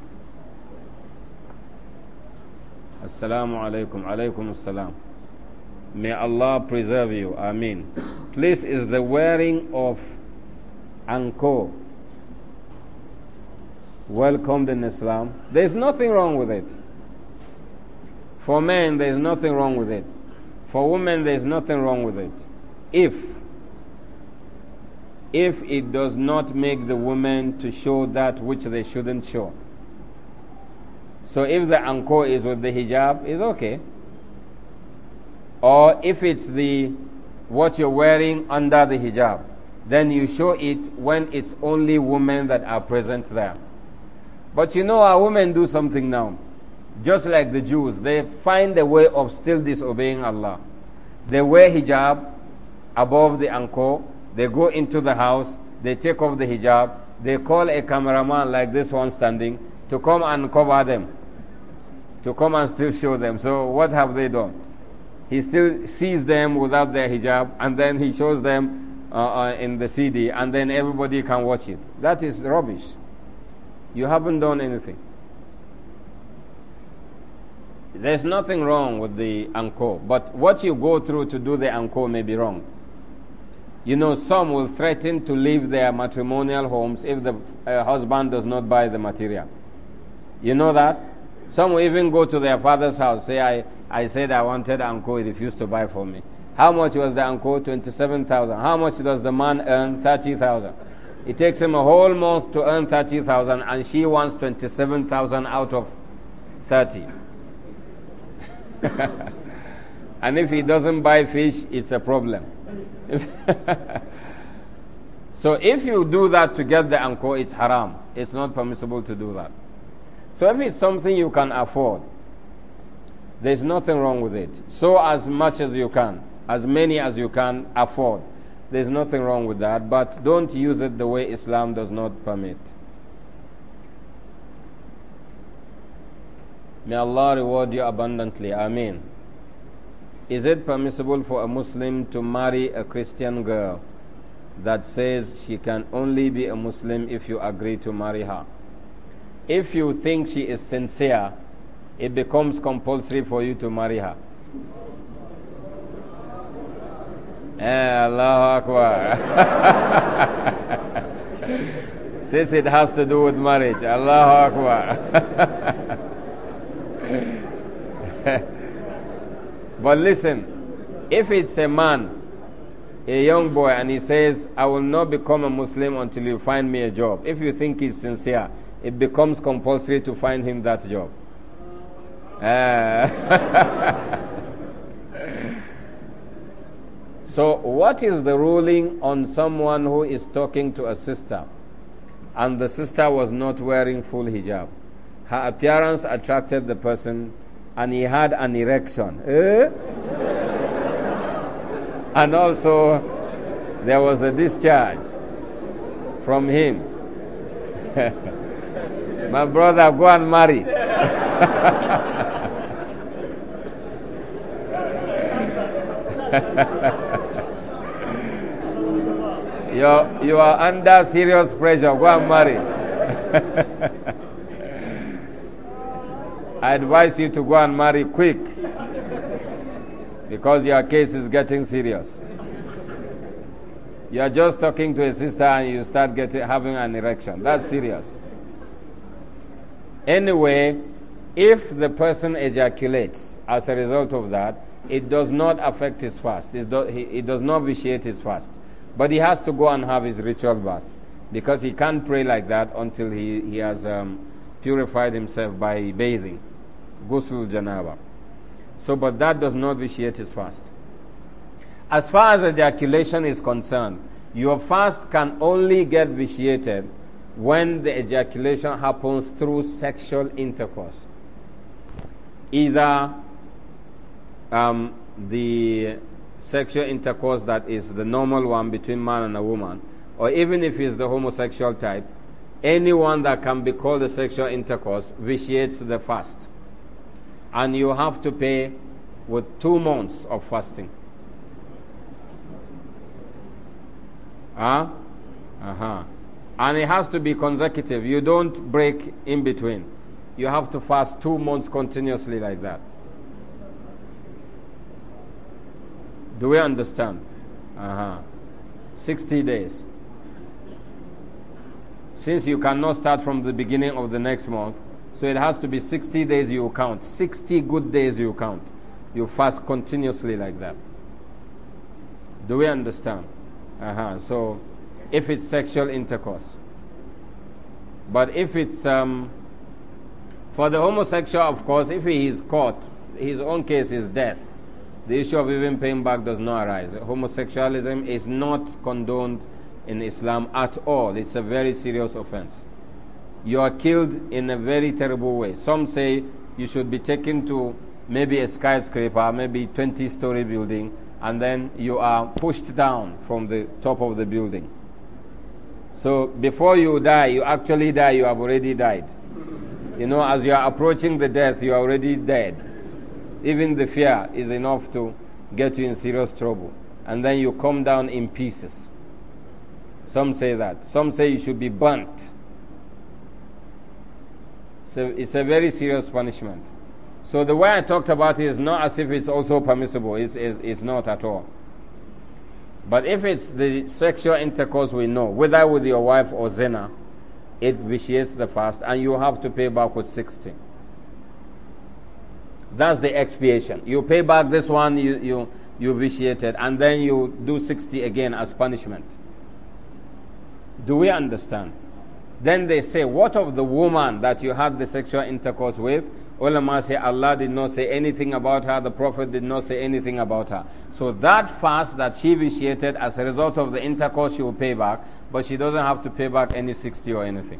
Assalamu alaikum. Alaikum assalam. May Allah preserve you. Amin. Please, is the wearing of anko welcomed in Islam? There is nothing wrong with it. For men, there is nothing wrong with it. For women, there is nothing wrong with it. If if it does not make the women to show that which they shouldn't show. So if the anko is with the hijab, is okay. Or if it's the what you're wearing under the hijab, then you show it when it's only women that are present there. But you know our women do something now. Just like the Jews, they find a way of still disobeying Allah. They wear hijab above the ankle. They go into the house, they take off the hijab, they call a cameraman like this one standing to come and cover them, to come and still show them. So, what have they done? He still sees them without their hijab, and then he shows them uh, uh, in the CD, and then everybody can watch it. That is rubbish. You haven't done anything. There's nothing wrong with the anko, but what you go through to do the anko may be wrong. You know, some will threaten to leave their matrimonial homes if the uh, husband does not buy the material. You know that? Some will even go to their father's house, say, I, I said I wanted uncle, he refused to buy for me. How much was the uncle? 27,000. How much does the man earn? 30,000. It takes him a whole month to earn 30,000 and she wants 27,000 out of 30. and if he doesn't buy fish, it's a problem. so if you do that to get the anko, it's haram. It's not permissible to do that. So if it's something you can afford, there's nothing wrong with it. So as much as you can, as many as you can afford. There's nothing wrong with that, but don't use it the way Islam does not permit. May Allah reward you abundantly. Amin. Is it permissible for a Muslim to marry a Christian girl that says she can only be a Muslim if you agree to marry her? If you think she is sincere, it becomes compulsory for you to marry her. Eh, Allahu Akbar. Since it has to do with marriage, Allahu Akbar. But listen, if it's a man, a young boy, and he says, I will not become a Muslim until you find me a job, if you think he's sincere, it becomes compulsory to find him that job. Uh, so, what is the ruling on someone who is talking to a sister and the sister was not wearing full hijab? Her appearance attracted the person and he had an erection. Eh? and also, there was a discharge from him. My brother, go and marry. you you are under serious pressure. Go and marry. I advise you to go and marry quick because your case is getting serious. You are just talking to a sister and you start getting, having an erection. That's serious. Anyway, if the person ejaculates as a result of that, it does not affect his fast. It, do, it does not vitiate his fast. But he has to go and have his ritual bath because he can't pray like that until he, he has um, purified himself by bathing ghusl janaba. So, but that does not vitiate his fast. As far as ejaculation is concerned, your fast can only get vitiated when the ejaculation happens through sexual intercourse. Either um, the sexual intercourse that is the normal one between man and a woman, or even if it's the homosexual type, anyone that can be called a sexual intercourse vitiates the fast and you have to pay with two months of fasting. Huh? Uh-huh. And it has to be consecutive. You don't break in between. You have to fast two months continuously like that. Do we understand? Uh-huh. 60 days. Since you cannot start from the beginning of the next month, so it has to be 60 days you count. 60 good days you count. You fast continuously like that. Do we understand? Uh huh. So if it's sexual intercourse. But if it's. Um, for the homosexual, of course, if he is caught, his own case is death. The issue of even paying back does not arise. Homosexualism is not condoned in Islam at all. It's a very serious offense you are killed in a very terrible way. Some say you should be taken to maybe a skyscraper, maybe 20 story building, and then you are pushed down from the top of the building. So before you die, you actually die, you have already died. You know, as you are approaching the death, you are already dead. Even the fear is enough to get you in serious trouble. And then you come down in pieces. Some say that. Some say you should be burnt. So it's a very serious punishment. So the way I talked about it is not as if it's also permissible. It's, it's, it's not at all. But if it's the sexual intercourse we know, whether with your wife or zina, it vitiates the fast and you have to pay back with 60. That's the expiation. You pay back this one you, you, you vitiated and then you do 60 again as punishment. Do we understand? Then they say, What of the woman that you had the sexual intercourse with? Ulama say Allah did not say anything about her, the Prophet did not say anything about her. So that fast that she vitiated as a result of the intercourse, she will pay back, but she doesn't have to pay back any 60 or anything.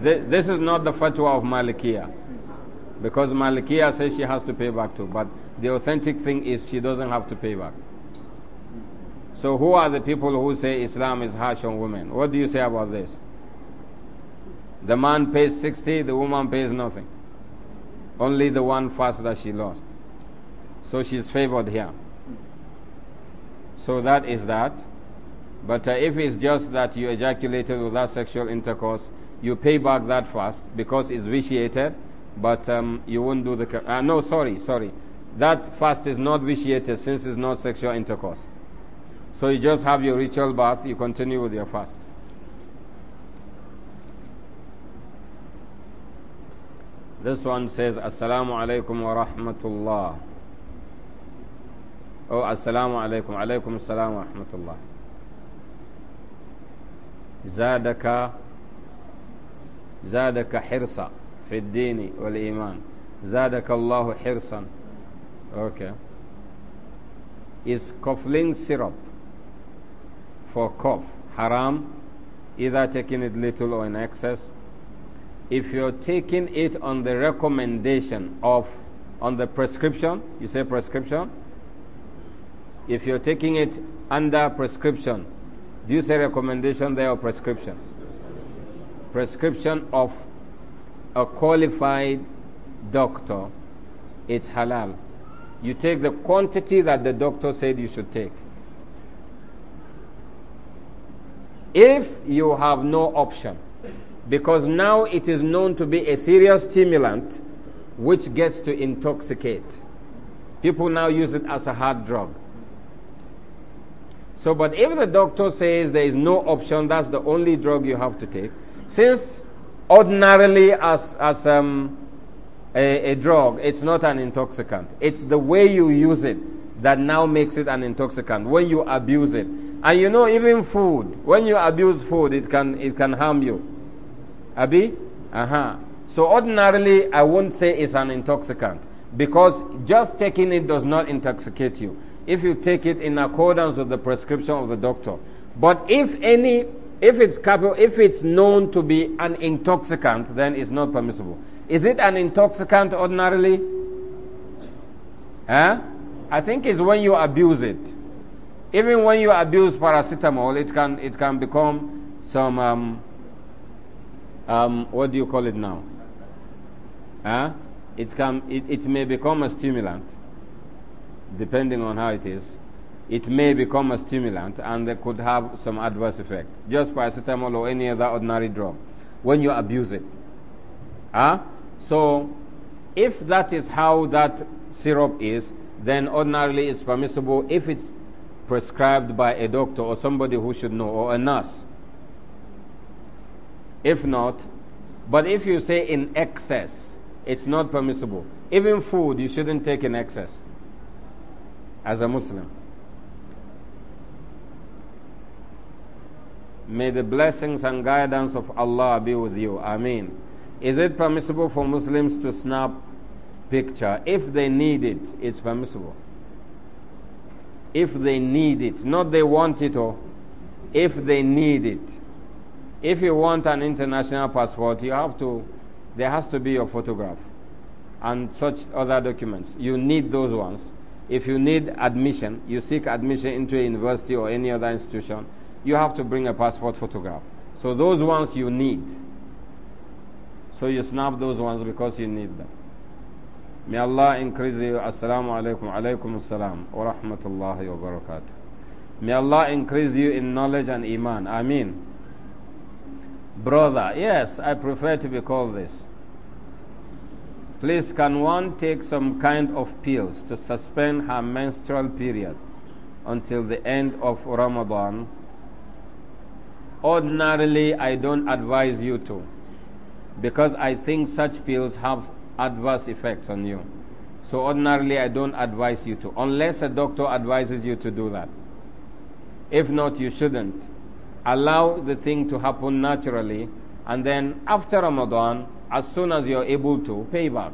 This is not the fatwa of Malikiya, because Malikiya says she has to pay back too, but the authentic thing is she doesn't have to pay back. So who are the people who say Islam is harsh on women? What do you say about this? The man pays 60, the woman pays nothing. Only the one fast that she lost. So she's favored here. So that is that. But uh, if it's just that you ejaculated without sexual intercourse, you pay back that fast because it's vitiated, but um, you won't do the. Uh, no, sorry, sorry. That fast is not vitiated since it's not sexual intercourse. So you just have your ritual bath, you continue with your fast. This one says, Assalamu alaikum wa rahmatullah. Oh, Assalamu alaikum. Alaikum assalam wa rahmatullah. زادك زادك حرصا في الدين والإيمان زادك الله حرصا okay is coughlin syrup for cough, haram, either taking it little or in excess. If you're taking it on the recommendation of, on the prescription, you say prescription. If you're taking it under prescription, do you say recommendation there or prescription? Prescription of a qualified doctor, it's halal. You take the quantity that the doctor said you should take. if you have no option. Because now it is known to be a serious stimulant which gets to intoxicate. People now use it as a hard drug. So, but if the doctor says there is no option, that's the only drug you have to take, since ordinarily as, as um, a, a drug, it's not an intoxicant, it's the way you use it that now makes it an intoxicant when you abuse it and you know, even food, when you abuse food, it can, it can harm you. Abi? Uh huh. So, ordinarily, I won't say it's an intoxicant because just taking it does not intoxicate you if you take it in accordance with the prescription of the doctor. But if any, if it's if it's known to be an intoxicant, then it's not permissible. Is it an intoxicant ordinarily? Huh? I think it's when you abuse it. Even when you abuse paracetamol, it can, it can become some, um, um, what do you call it now? Huh? It, can, it, it may become a stimulant, depending on how it is. It may become a stimulant and they could have some adverse effect. Just paracetamol or any other ordinary drug when you abuse it. Huh? So, if that is how that syrup is, then ordinarily it's permissible if it's prescribed by a doctor or somebody who should know or a nurse. If not, but if you say in excess, it's not permissible. Even food, you shouldn't take in excess as a Muslim. May the blessings and guidance of Allah be with you. Ameen. Is it permissible for Muslims to snap picture? If they need it, it's permissible if they need it, not they want it or oh. if they need it. If you want an international passport, you have to, there has to be your photograph and such other documents. You need those ones. If you need admission, you seek admission into a university or any other institution, you have to bring a passport photograph. So those ones you need. So you snap those ones because you need them. May Allah increase you. Assalamu alaikum. Alaikum assalam. Wa rahmatullahi wa barakatuh. May Allah increase you in knowledge and iman. Amin, Brother, yes, I prefer to be called this. Please, can one take some kind of pills to suspend her menstrual period until the end of Ramadan? Ordinarily, I don't advise you to because I think such pills have adverse effects on you. So, ordinarily, I don't advise you to, unless a doctor advises you to do that. If not, you shouldn't. Allow the thing to happen naturally, and then after Ramadan, as soon as you're able to, pay back.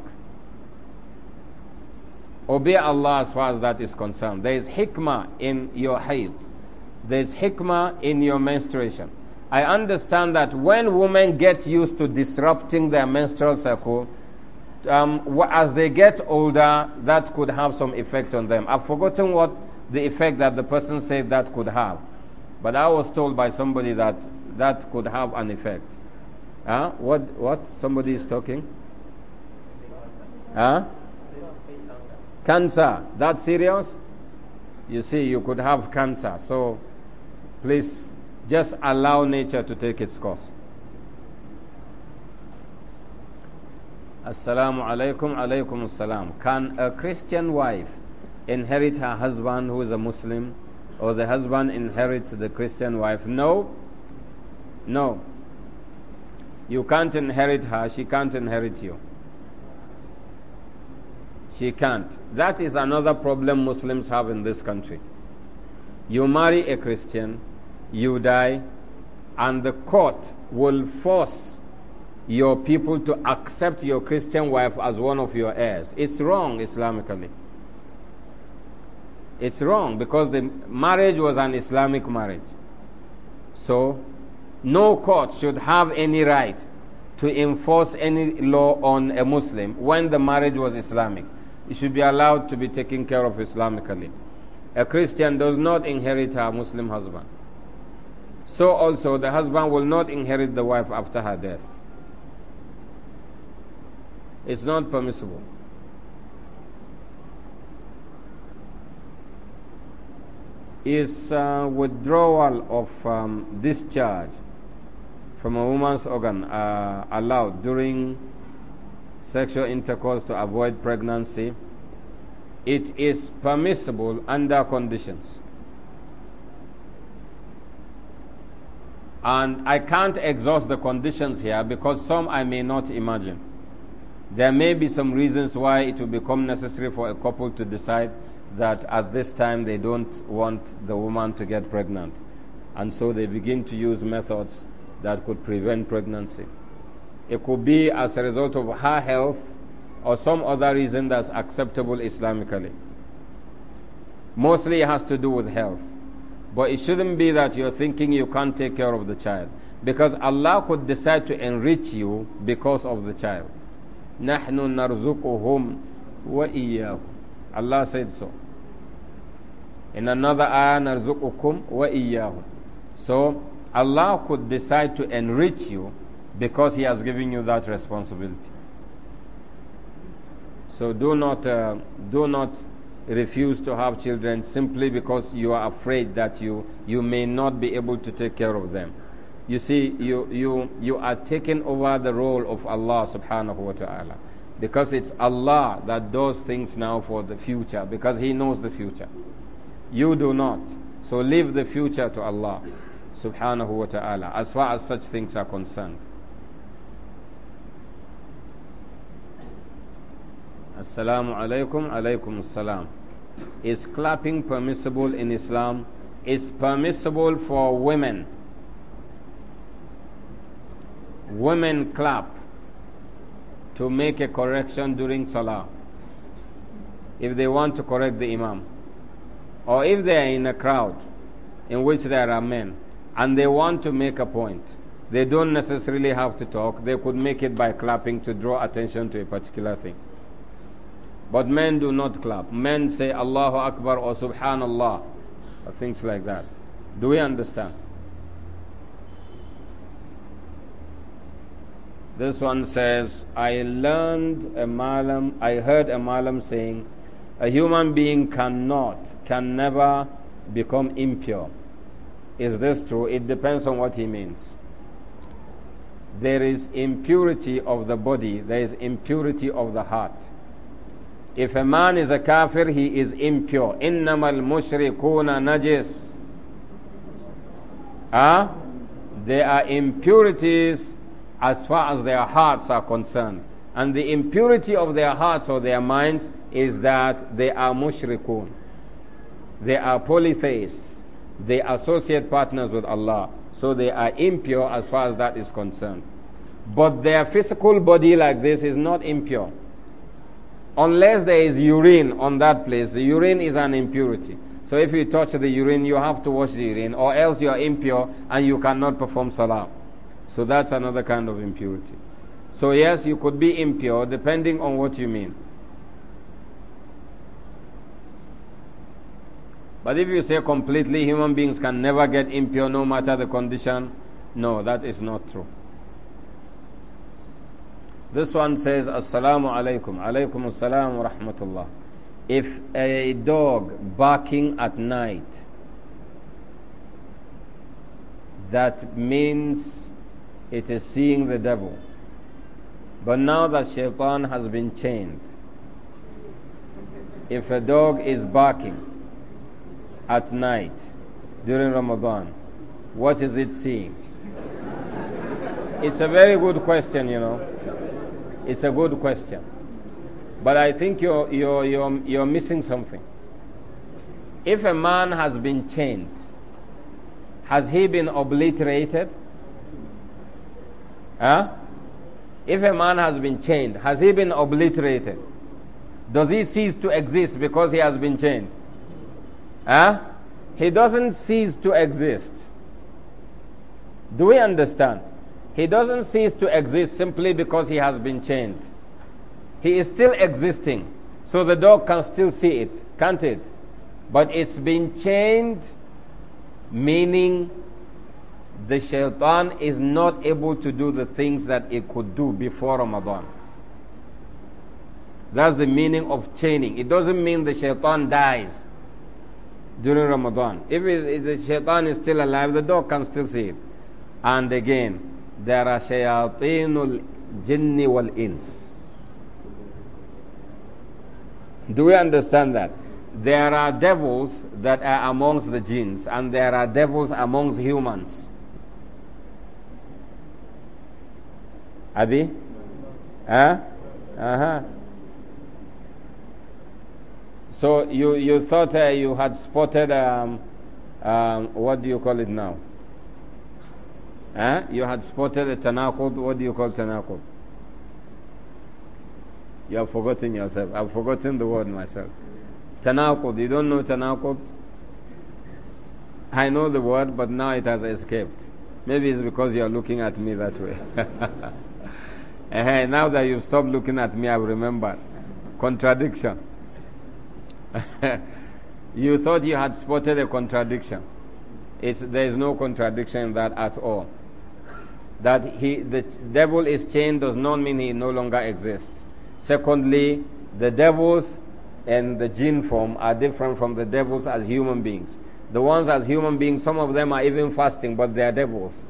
Obey Allah as far as that is concerned. There is hikmah in your haid, there is hikmah in your menstruation. I understand that when women get used to disrupting their menstrual cycle, um, as they get older, that could have some effect on them. I've forgotten what the effect that the person said that could have, but I was told by somebody that that could have an effect. Huh? What? What? Somebody is talking. Huh? Cancer. That serious? You see, you could have cancer. So, please just allow nature to take its course. Assalamu alaikum, alaikum assalam. Can a Christian wife inherit her husband who is a Muslim or the husband inherit the Christian wife? No. No. You can't inherit her, she can't inherit you. She can't. That is another problem Muslims have in this country. You marry a Christian, you die, and the court will force your people to accept your Christian wife as one of your heirs. It's wrong Islamically. It's wrong because the marriage was an Islamic marriage. So, no court should have any right to enforce any law on a Muslim when the marriage was Islamic. It should be allowed to be taken care of Islamically. A Christian does not inherit her Muslim husband. So, also, the husband will not inherit the wife after her death is not permissible. Is uh, withdrawal of um, discharge from a woman's organ uh, allowed during sexual intercourse to avoid pregnancy? It is permissible under conditions. And I can't exhaust the conditions here because some I may not imagine. There may be some reasons why it will become necessary for a couple to decide that at this time they don't want the woman to get pregnant. And so they begin to use methods that could prevent pregnancy. It could be as a result of her health or some other reason that's acceptable Islamically. Mostly it has to do with health. But it shouldn't be that you're thinking you can't take care of the child. Because Allah could decide to enrich you because of the child. نحن نرزقهم wa iyyakum. Allah said so. In another ayah, نرزقكم wa So Allah could decide to enrich you because He has given you that responsibility. So do not, uh, do not refuse to have children simply because you are afraid that you, you may not be able to take care of them you see, you, you, you are taking over the role of Allah subhanahu wa ta'ala. Because it's Allah that does things now for the future, because He knows the future. You do not. So leave the future to Allah subhanahu wa ta'ala as far as such things are concerned. Assalamu alaikum, alaikum assalam. Is clapping permissible in Islam? Is permissible for women women clap to make a correction during salah if they want to correct the imam or if they are in a crowd in which there are men and they want to make a point they don't necessarily have to talk they could make it by clapping to draw attention to a particular thing but men do not clap men say allahu akbar or subhanallah or things like that do we understand This one says, I learned a malam, I heard a malam saying, a human being cannot, can never become impure. Is this true? It depends on what he means. There is impurity of the body, there is impurity of the heart. If a man is a kafir, he is impure. Innamal mushrikuna najis. Ah? There are impurities as far as their hearts are concerned. And the impurity of their hearts or their minds is that they are mushrikun. They are polytheists. They associate partners with Allah. So they are impure as far as that is concerned. But their physical body like this is not impure. Unless there is urine on that place, the urine is an impurity. So if you touch the urine, you have to wash the urine, or else you are impure and you cannot perform salah. So that's another kind of impurity. So, yes, you could be impure depending on what you mean. But if you say completely human beings can never get impure no matter the condition, no, that is not true. This one says, Assalamu alaikum, alaykum assalam wa rahmatullah. If a dog barking at night, that means it is seeing the devil. But now that shaitan has been chained, if a dog is barking at night during Ramadan, what is it seeing? It's a very good question, you know. It's a good question. But I think you're, you're, you're, you're missing something. If a man has been chained, has he been obliterated? Huh? If a man has been chained, has he been obliterated? Does he cease to exist because he has been chained? Huh? He doesn't cease to exist. Do we understand? He doesn't cease to exist simply because he has been chained. He is still existing, so the dog can still see it, can't it? But it's been chained, meaning the shaitan is not able to do the things that it could do before Ramadan. That's the meaning of chaining. It doesn't mean the shaitan dies during Ramadan. If, if the shaitan is still alive, the dog can still see it. And again, there are shayateen jinni wal ins. Do we understand that? There are devils that are amongst the jinns, and there are devils amongst humans. Abi? Huh? Uh-huh. So you, you thought uh, you had spotted, um, um, what do you call it now? Huh? You had spotted a Tanakud. What do you call Tanakud? You have forgotten yourself. I've forgotten the word myself. Tanakud. You don't know Tanakud. I know the word, but now it has escaped. Maybe it's because you are looking at me that way. Uh, now that you've stopped looking at me, I've remembered. Contradiction. you thought you had spotted a contradiction. It's, there is no contradiction in that at all. That he, the devil is chained does not mean he no longer exists. Secondly, the devils and the jinn form are different from the devils as human beings. The ones as human beings, some of them are even fasting, but they are devils.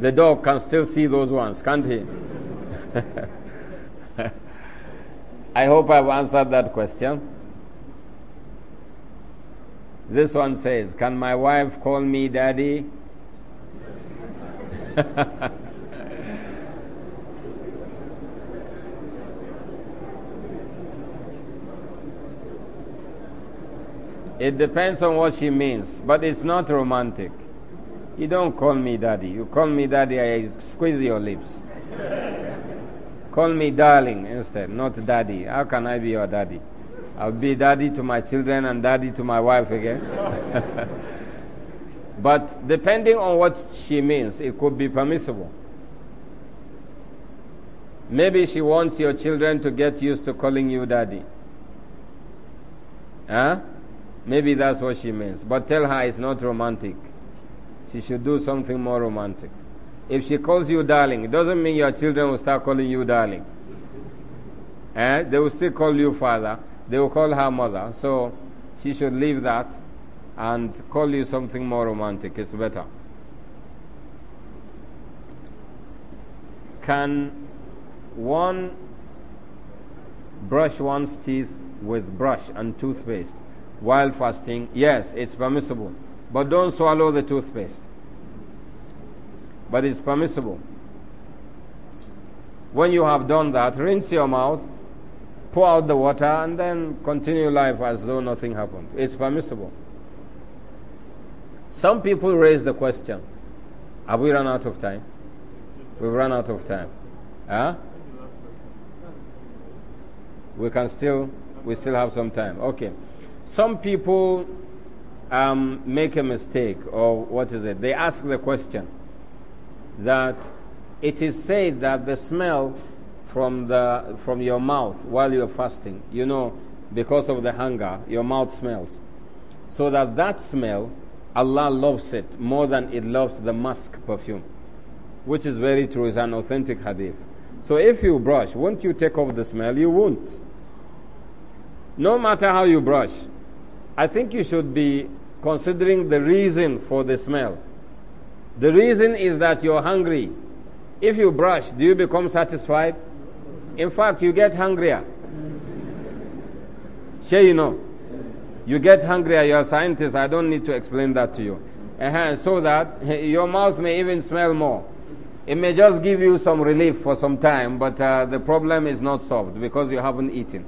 The dog can still see those ones, can't he? I hope I've answered that question. This one says, Can my wife call me daddy? it depends on what she means, but it's not romantic. You don't call me daddy. You call me daddy, I squeeze your lips. call me darling instead, not daddy. How can I be your daddy? I'll be daddy to my children and daddy to my wife again. but depending on what she means, it could be permissible. Maybe she wants your children to get used to calling you daddy. Huh? Maybe that's what she means. But tell her it's not romantic. She should do something more romantic. If she calls you darling, it doesn't mean your children will start calling you darling. Eh? They will still call you father. They will call her mother. So she should leave that and call you something more romantic. It's better. Can one brush one's teeth with brush and toothpaste while fasting? Yes, it's permissible. But don't swallow the toothpaste. But it's permissible. When you have done that, rinse your mouth, pour out the water, and then continue life as though nothing happened. It's permissible. Some people raise the question Have we run out of time? We've run out of time. Huh? We can still, we still have some time. Okay. Some people um, make a mistake or what is it? They ask the question that it is said that the smell from, the, from your mouth while you're fasting, you know, because of the hunger, your mouth smells. So that that smell, Allah loves it more than it loves the musk perfume, which is very true, it's an authentic hadith. So if you brush, won't you take off the smell? You won't. No matter how you brush, I think you should be considering the reason for the smell. The reason is that you're hungry. If you brush, do you become satisfied? In fact, you get hungrier. Sure, you know. You get hungrier, you're a scientist, I don't need to explain that to you. Uh-huh, so that your mouth may even smell more. It may just give you some relief for some time, but uh, the problem is not solved because you haven't eaten.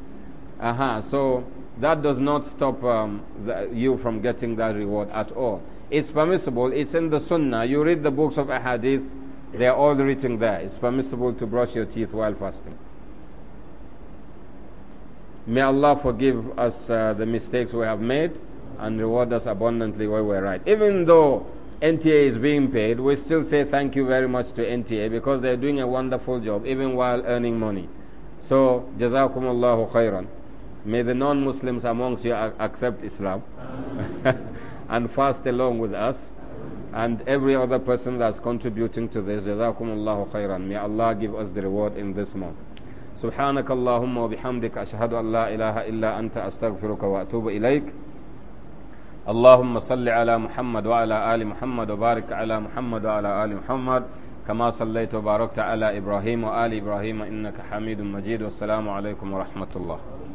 Uh-huh, so that does not stop um, the, you from getting that reward at all. It's permissible, it's in the sunnah. You read the books of ahadith, they are all written there. It's permissible to brush your teeth while fasting. May Allah forgive us uh, the mistakes we have made and reward us abundantly where we're right. Even though NTA is being paid, we still say thank you very much to NTA because they're doing a wonderful job even while earning money. So, Jazakumullahu khairan. May the non Muslims amongst you accept Islam and fast along with us. And every other person that's contributing to this, Jazakumullahu khairan. May Allah give us the reward in this month. سبحانك اللهم وبحمدك أشهد أن لا إله إلا أنت أستغفرك وأتوب إليك اللهم صل على محمد وعلى آل محمد وبارك على محمد وعلى آل محمد كما صليت وباركت على إبراهيم وآل إبراهيم إنك حميد مجيد والسلام عليكم ورحمة الله